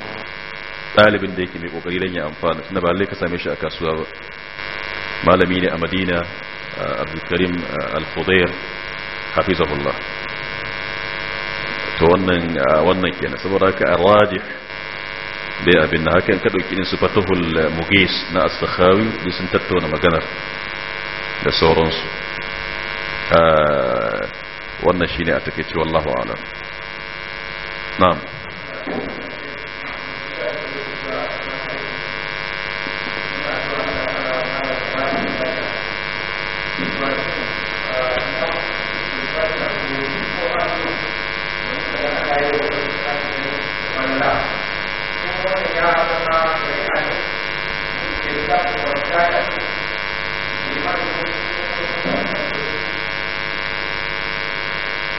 ɗalibin da yake mai kokari dan ya amfana tunda ba lallai ka same shi a kasuwa ba malami ne a madina abdulkarim al-fudair hafizahullah to wannan wannan kenan saboda haka ar-rajih dai abin da hakan ka dauki ne su fatahul mugis na as-sakhawi da sun tattauna maganar da sauransu wannan shine a takeici wallahu a'lam na'am Thank you.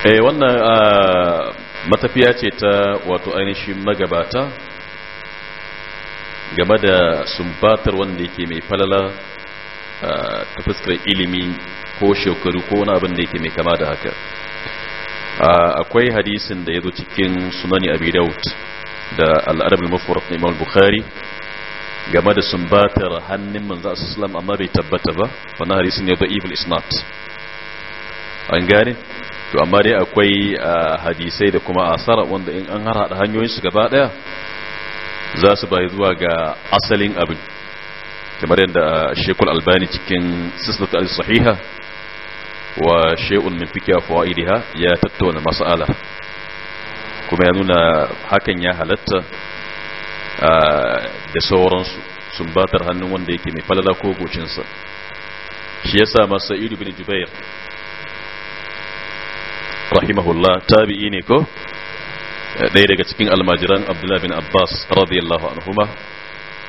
eh wannan ah, matafiya ce ta wato ainihin magabata game da sumbatar wanda yake mai falala ah, ta fuskar ilimi ko shekaru ko wani abin da yake mai kama da haka ah, akwai hadisin da ya zo cikin sunani abi daud da al'adar mafi na imam bukhari game da sumbatar hannun manzo sallam amma bai tabbata ba wannan hadisin ne da'if al-isnad an gane to amma dai akwai ah, hadisai da kuma asara wanda in an harhaɗa hanyoyin su gaba daya za su bai zuwa ga asalin abin kamar yadda ah, shekul albani cikin sisnat al-sahiha wa shay'un min fikya fawaidiha ya tattauna mas'ala kuma ya nuna hakan ya halatta ah, da sauransu batar hannun wanda yake mai falala ko gocinsa shi yasa ma sa'idu bin jubair rahimahullah tabi'i ne ko ɗaya daga cikin almajiran abdullahi bin abbas radiyallahu anhuma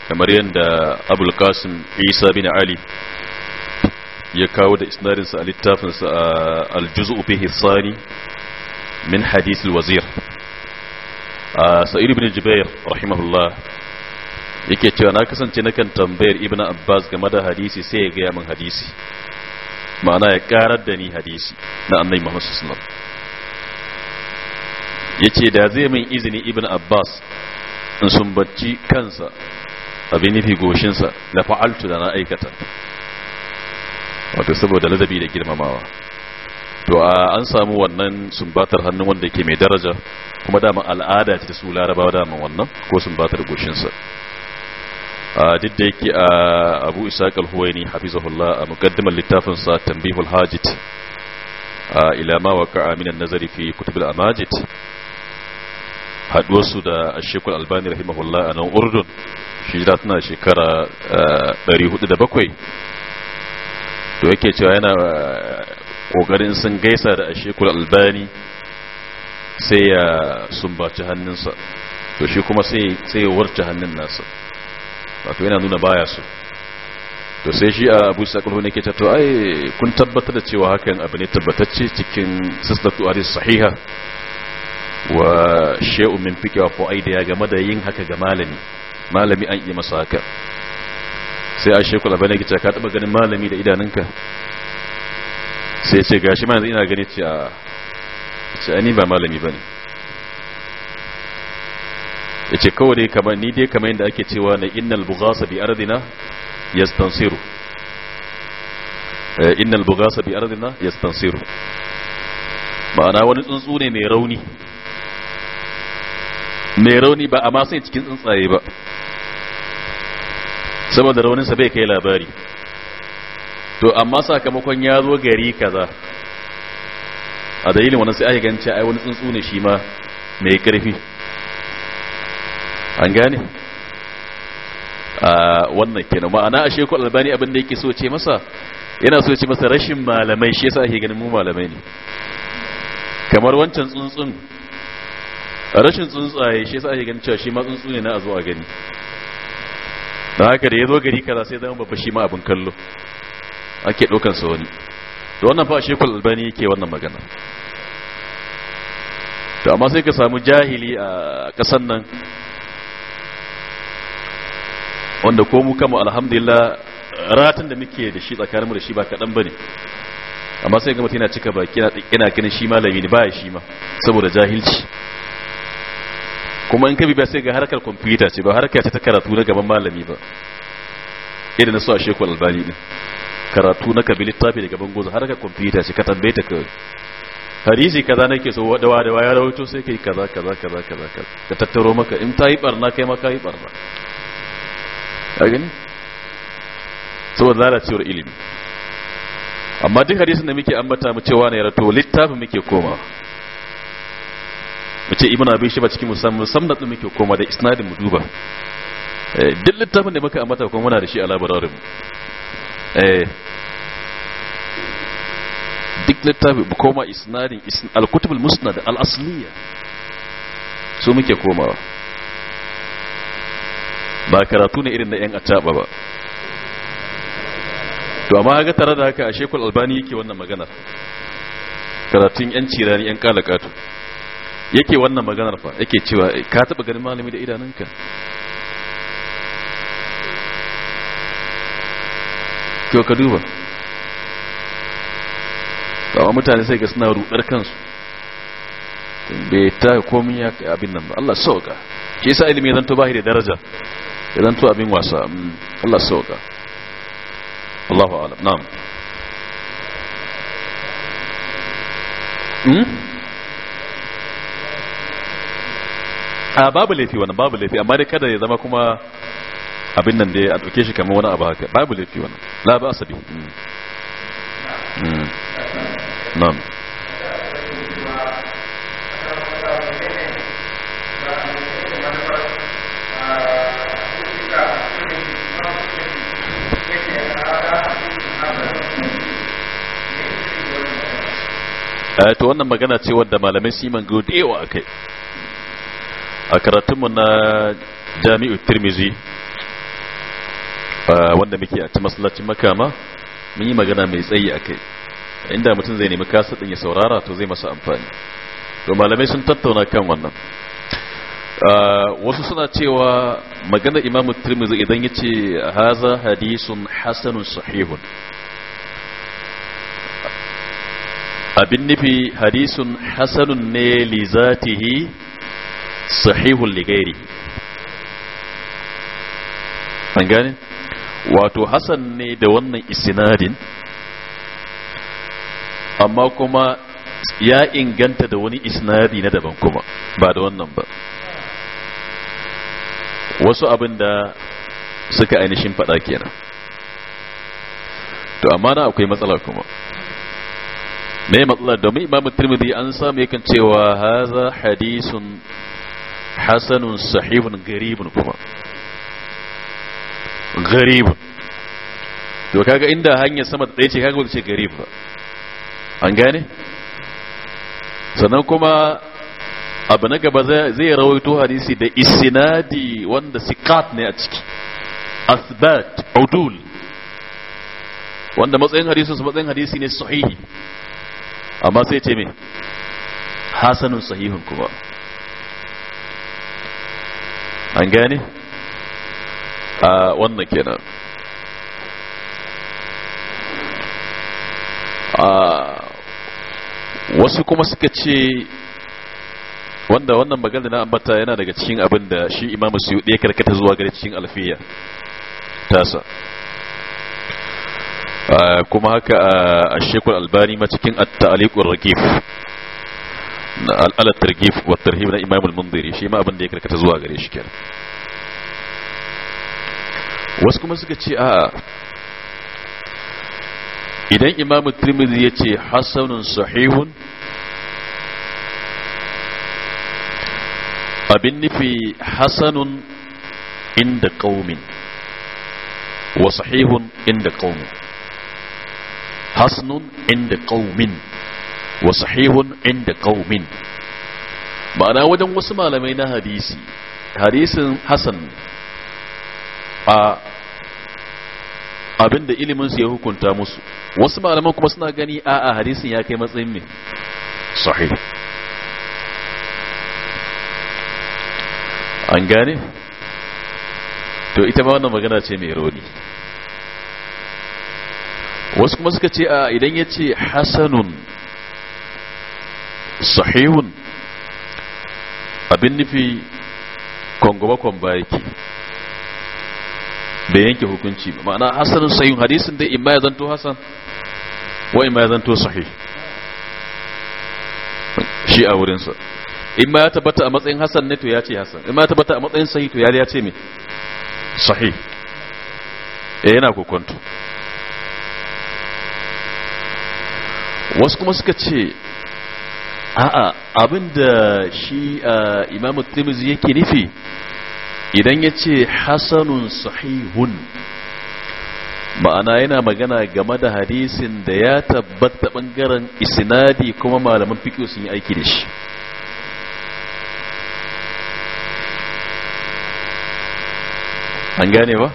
kamar yadda abul qasim isa bin ali ya kawo da isnarinsa a littafinsa a aljuzu fihi sani min hadith alwazir sa'id ibn jubair rahimahullah yake cewa na kasance nakan tambayar ibn abbas game da hadisi sai ya gaya min hadisi ma'ana ya karar da ni hadisi na annai muhammad sallallahu Ya ce da zai min izini ibn abbas in sumbaci kansa abin nufi goshinsa la fa'altu da na aikata wato saboda ladabi da girmamawa to a an samu wannan sumbatar hannun wanda ke mai daraja kuma dama al'ada ce ta su larabawa dama wannan ko sumbatar goshinsa duk da yake abu isaac al-huwaini hafizahullah muqaddiman littafin sa Tanbihul hajit ila ma waqa'a min an-nazari fi kutub al-amajid haduwar su da Sheikh Al-Albani rahimahullah a nan Urdun shi da tana shekara 407 to yake cewa yana kokarin sun gaisa da Sheikh Al-Albani sai ya sumbaci hannunsa to shi kuma sai sai ya warce hannun nasa wato yana nuna baya su to sai shi a abu sakul ne ke ta ai kun tabbatar da cewa hakan abu ne tabbatacce cikin sisdatu hadis sahiha wa shay'un min fiqh wa fa'ida game da yin haka ga malami malami an yi masa haka sai a shekul abin ya ce ka taba ganin malami da idanunka sai ce gashi ma yanzu ina gani ce a ce ani ba malami bane yace kawai dai kamar ni dai kamar yadda ake cewa na innal bughasa bi ardina yastansiru eh, innal bughasa bi ardina yastansiru ma'ana wani tsuntsu ne mai rauni mai rauni ba a ma sai cikin tsuntsaye ba saboda raunin sa bai kai labari to amma sakamakon ya zo gari kaza a dalilin wannan sai aka ganci ai wani tsuntsu ne shi ma mai karfi an gane wannan kenan ma'ana a shekwar albani abin da yake so ce masa yana so ce masa rashin malamai shi yasa ake ganin mu malamai ne kamar wancan tsuntsun rashin tsuntsaye shi yasa ake ganin cewa shi ma tsuntsu ne na a zo a gani da haka da ya zo gari kaza sai zama babba shi ma abin kallo ake ɗaukan sa wani to wannan fa shekwar albani yake wannan magana to amma sai ka samu jahili a ƙasar nan wanda ko mu kama alhamdulillah ratan da muke da shi tsakanin mu da shi ba kaɗan ba ne amma sai gama mutum cika baki yana kinin shi malami ne baya shi ma saboda jahilci kuma in ka bi ba sai ga harkar kwamfuta ce ba harkar ta karatu na gaban malami ba yadda na su a shekul albani din karatu na kabi littafi da gaban goza harkar kwamfuta ce ka tambaye ta kawai harisi kaza nake so wadawa da waya rahoto sai ka yi kaza kaza kaza kaza ka tattaro maka in ta yi barna kai ma ka yi barna a gani saboda lalacewar ilimi amma duk hadisun da muke ambata mu cewa na yarato littafin muke koma mu ce bin shi ba cikin musamman musamman da muke koma da isnadin mu duba eh, duk littafin da muka ambata kuma muna da shi a labararin eh duk littafi mu koma isnadin al kutubul musnad al-asliya so muke komawa ba karatu ne irin na 'yan acaba ba to amma ga tare da haka a shekul albani yake wannan maganar karatun 'yan cirani 'yan kalakatu yake wannan maganar fa yake cewa eh, ka taɓa ganin malami da idanunka kyau ka duba amma mutane sai ga suna rudar kansu bai ta komi ya abin nan ba Allah sauka shi yasa ilimi zan to bahi da daraja idan to abin wasa Allah sauka Allahu alam na'am a babu laifi wannan babu laifi amma dai kada ya zama kuma abin nan dai a ɗauke shi kamar wani abu haka babu laifi wannan la ba asali na'am Eh, to wannan magana ce wadda malamai su yi mangaro da a kai a karatunmu na jami'u tirmizi eh, wanda muke a ci masallacin makama mun yi magana mai tsayi akai inda mutum zai nemi kasa ɗin ya saurara to zai masa amfani to malamai sun tattauna kan wannan eh, wasu suna cewa magana imamu tirmizi idan yace ce haza hadisun hasanun sahihun abin nufi hadisun hasanun ne li zatihi sahihun ligairi an gane wato hasan ne da wannan isinadin amma kuma ya inganta da wani isinadi na daban kuma ba da wannan ba wasu abin da suka ainihin faɗa kenan to amma na akwai matsala kuma me matsalar domin imam tirmidhi an samu yakan cewa haza hadisun hasanun sahihun garibun kuma garibun to kaga inda hanyar sama da ce kaga ce garib ba an gane sannan kuma abu na gaba zai rawaito hadisi da isinadi wanda sikat ne a ciki asbat udul wanda matsayin hadisin su matsayin hadisi ne sahihi amma sai ce me hasanun sahihun kuma an gane a wannan kenan wasu kuma suka ce wanda wannan magana na ambata yana daga cikin abin da shi imamu yi ɗaya karkata zuwa gare cikin alfiya tasa kuma haka a shekul albani ma cikin at-ta'liqur raqif al targhib wa tarhib na imam al-mundiri shi ma abin da ya karkata zuwa gare shi kenan wasu kuma suka ce a idan imam tirmidhi ya ce hasanun sahihun abin nufi hasanun inda qaumin wa sahihun inda qaumin hasanun inda qaumin wa sahihun inda qaumin ma'ana wajen wasu malamai na hadisi hadisin hasan a abinda ilimin su ya hukunta musu wasu malaman kuma suna gani a'a hadisin ya kai matsayin mai sahih an gane to ita ma wannan magana ce mai roni wasu kuma suka ce a idan ya ce hasanun sahihun abin nufi kwangwabakon ba yake da yanke hukunci ba ma'ana hasanun sahihun hadisun dai imma ya zanto hasan wa imma ya zanto sahih shi a wurinsa imma ya tabbata a matsayin hasan ne to ya ce hasan imma ya tabbata a matsayin sahih to ya ce mai sahih eh, yana kokonto wasu kuma suka ce a'a abinda shi eh, imamu tirmizi yake nufi idan ya ce hasanun sahihun ma'ana yana magana game da hadisin da ya tabbata bangaren Isinadi kuma malaman fikiyo sun yi aiki da shi an gane ba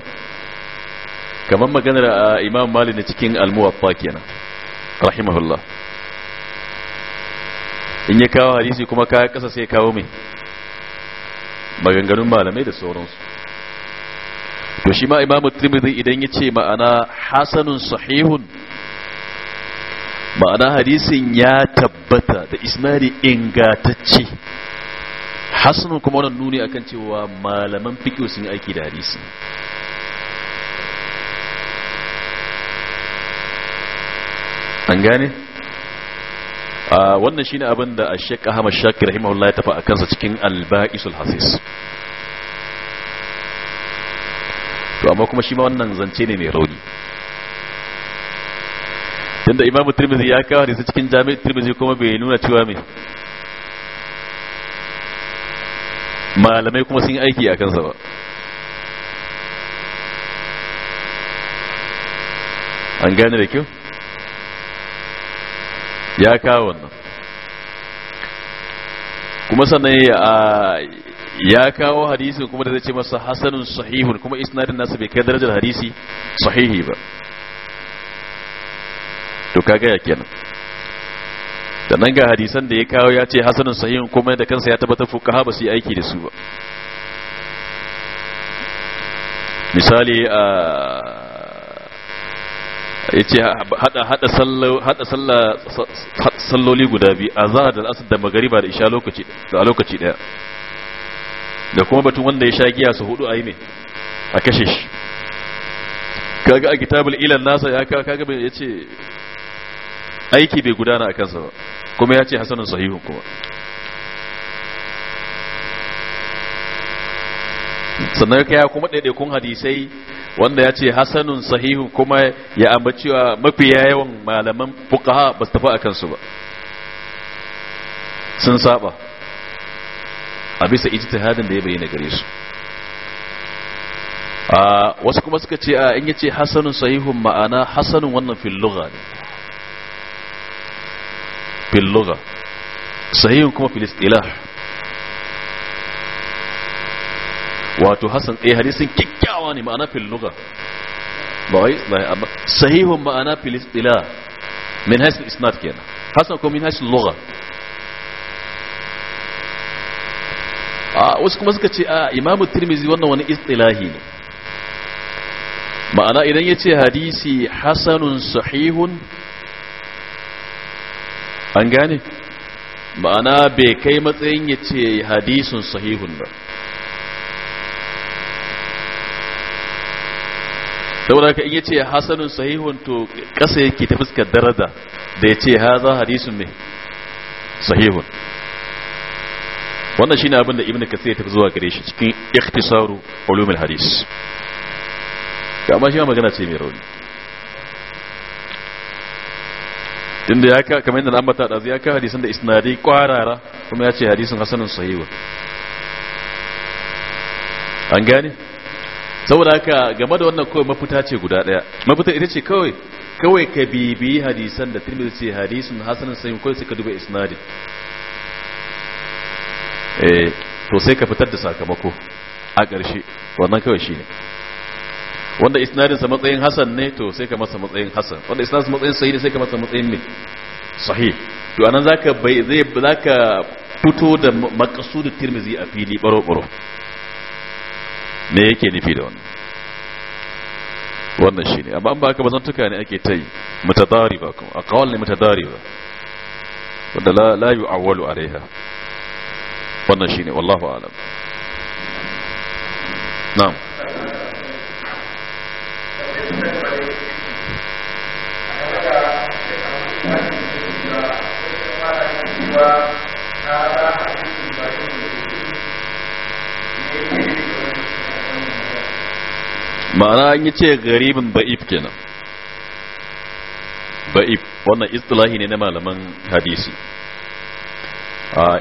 kamar maganar eh, imam malin na cikin almuwaffa kenan rahimahullah in ya kawo hadisi kuma kayan kasa sai kawo mai maganganun malamai da sauransu to shi ma imamu tirmidhi idan ya ce ma'ana hasanun sahihun ma'ana hadisin ya tabbata da ismari ingatacce hasanun kuma wannan nuni akan cewa malaman fiqh sun aiki da hadisi an gane wannan shine abin da Sheikh Ahmad Shakir rahimahullah ya tafi a kansa cikin al Hasis to amma kuma shi ma wannan zance ne mai rauni tunda Imamu Tirmidhi ya kawo hadisi cikin Jami' Tirmidhi kuma bai nuna cewa me malamai kuma sun yi aiki a kansa ba an gane da kyau ya kawo wannan kuma sannan ya kawo hadisi kuma da zai ce masa hasanun sahihun kuma isnadin nasa bai kai darajar hadisi sahihi ba to kaga ya kenan da nan ga hadisan da ya kawo ya ce hasanun sahihun kuma da kansa ya tabbata fuka ba su yi aiki da su ba misali a ya ce haɗa salloli guda biyu a zahar da asir da magariba da isha a lokaci ɗaya da kuma batun wanda ya sha giya su hudu a yi ne a kashe shi kaga a kitabul ilan nasa ya kaga bai ya ce aiki bai gudana a kansa ba kuma ya ce hasanun sahihun kuma sannan ya kuma ɗaiɗaikun hadisai wanda ya ce hasanun sahihu kuma ya ambacewa mafi yawan malaman fukaha ba su tafi akan su ba sun saba a bisa ijtihadin da ya bayyana gare su a wasu kuma suka ce a in yace hasanun sahihun ma'ana hasanun wannan fil lugha ne fil lugha sahihun kuma fil istilah wato Hassan. ɗaya eh, hadisin kyakkyawa ne ma'ana fil luga ba wai sahihun ma'ana fil istila min hasil isnad kenan Hassan ko min hasil luga a wasu kuma suka ce a imamu tirmizi wannan wani istilahi ne ma'ana idan ya ce hadisi hasanun sahihun an gane ma'ana bai kai matsayin ya ce hadisun sahihun ba saboda ka in yace hasanun sahihun to kasa yake ta fuskar daraja da yace haza hadisun ne sahihun wannan shine abin da ibnu kasir ta zuwa gare shi cikin ikhtisaru ulumul hadis amma shi magana ce mai rauni tunda ya ka kamar yadda ambata da ya ka hadisin da isnadi kwarara kuma ya ce hadisin hasanun sahihun an gane saboda haka game da wannan kawai mafita ce guda daya mafita ita ce kawai kawai ka bibiyi hadisan da tirmidhi ce hadisun hasanan sai kawai ka duba isnadin eh to sai ka fitar da sakamako a ƙarshe wannan kawai shine wanda isnadin sa matsayin hasan ne to sai ka masa matsayin hasan wanda isnadin sa matsayin sahih sai ka masa matsayin ne sahih to anan zaka bai zai zaka fito da maqsudut tirmidhi a fili baro baro Ne yake nufi da wannan wannan shine amma ba ka bazan tuka ne ake ta yi ba kuma a aqwal ne mutadariba wanda la la yu'awwalu alaiha wannan shine wallahu a'lam na'am ma'ana an yi ce garibin ba'if kenan ba'if wannan istilahi ne na malaman hadisi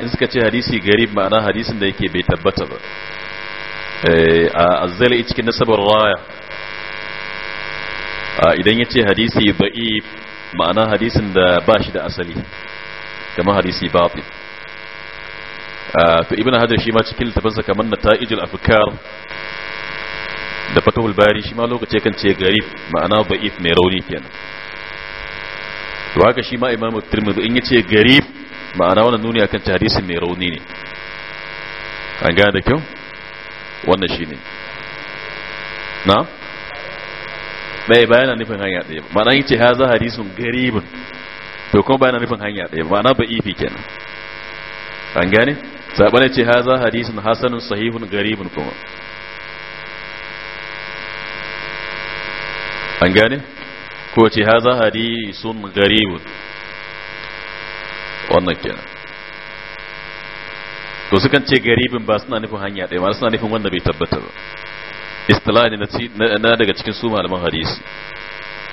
in suka ce hadisi garib ma'ana hadisin da yake bai tabbata ba eh, a azzali cikin nasabar raya idan ya ce hadisi ba'if ma'ana hadisin da ba shi da asali kamar hadisi bafi to ibina hajar shi ma cikin littafinsa kamar na ta'ijul afikar da fatahul bari shi ma lokaci kan ce garif ma'ana da'if mai rauni kenan to haka shi ma imamu tirmidhi in yace garif ma'ana wannan nuni akan ta hadisin mai rauni ne an ga da kyau wannan shine na bai bayana nufin hanya ɗaya ba ma'ana yace haza hadisun garibun to kuma bayana nufin hanya ɗaya ba ma'ana da'ifi kenan an gane sabana ce haza hadisun hasanun sahihun garibun kuma an gane ko ce haza hadisun garibun wannan kenan ko sukan ce garibin ba suna nufin hanya ɗaya ma suna nufin wanda bai tabbata ba istilahi na daga cikin su malaman hadisi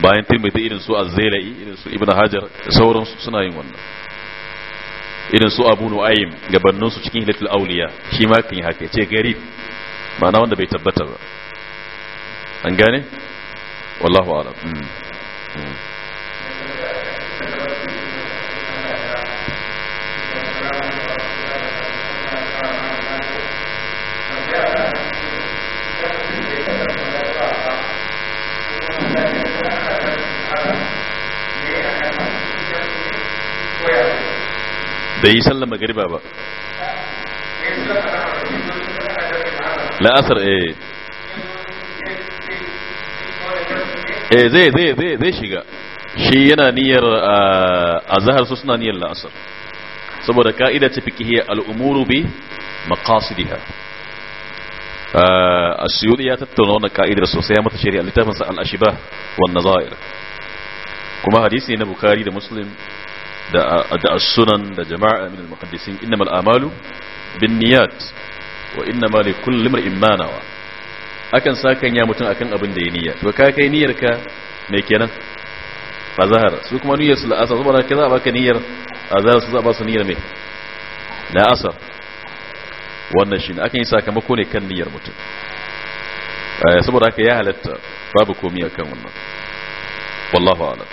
bayan tun mai irin su az-zailai irin su ibn hajar sauran su suna yin wannan irin su abu nu'ayim gabanin su cikin hilatul auliya shi ma kan yi haka ce garib ma'ana wanda bai tabbata ba an gane والله اعلم بي يسلم جري بقى لا اثر ايه eh zai zai zai zai shiga shi yana niyyar azhar su suna niyyar la'asar saboda ka'ida ta fiqhiyya al-umuru bi maqasidiha asyuri ya tattauna wannan ka'idar sosai ya mata shari'a littafin sa al-ashbah wan nazair kuma hadisi na bukhari da muslim da da as-sunan da jama'a min al-muhaddisin innamal a'malu binniyat wa innamal likulli imrin ma nawa akan ya mutum akan abin da ya niyya to ka kai niyyar ka me kenan fazahar su kuma niyyar su la'asar saboda ka za a baka niyyar a su za a ba su niyyar la la'asar wannan shi akan yi sakamako ne kan niyyar mutum eh, saboda haka ya halatta babu komi akan wannan wallahu a'lam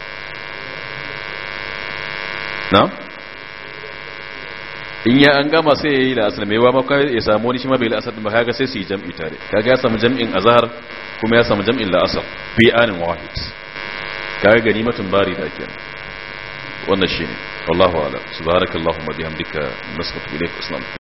na'am in ya an gama sai ya yi la'asar mai wama ya samu wani shi ma bai la'asar ba kaga sai su yi jam'i tare kaga ya samu jam'in azhar kuma ya samu jam'in la'asar fi anin wahid kaga gani matun bari da
kenan wannan shine wallahu a'lam subhanakallahumma bihamdika nasallu ilayka aslam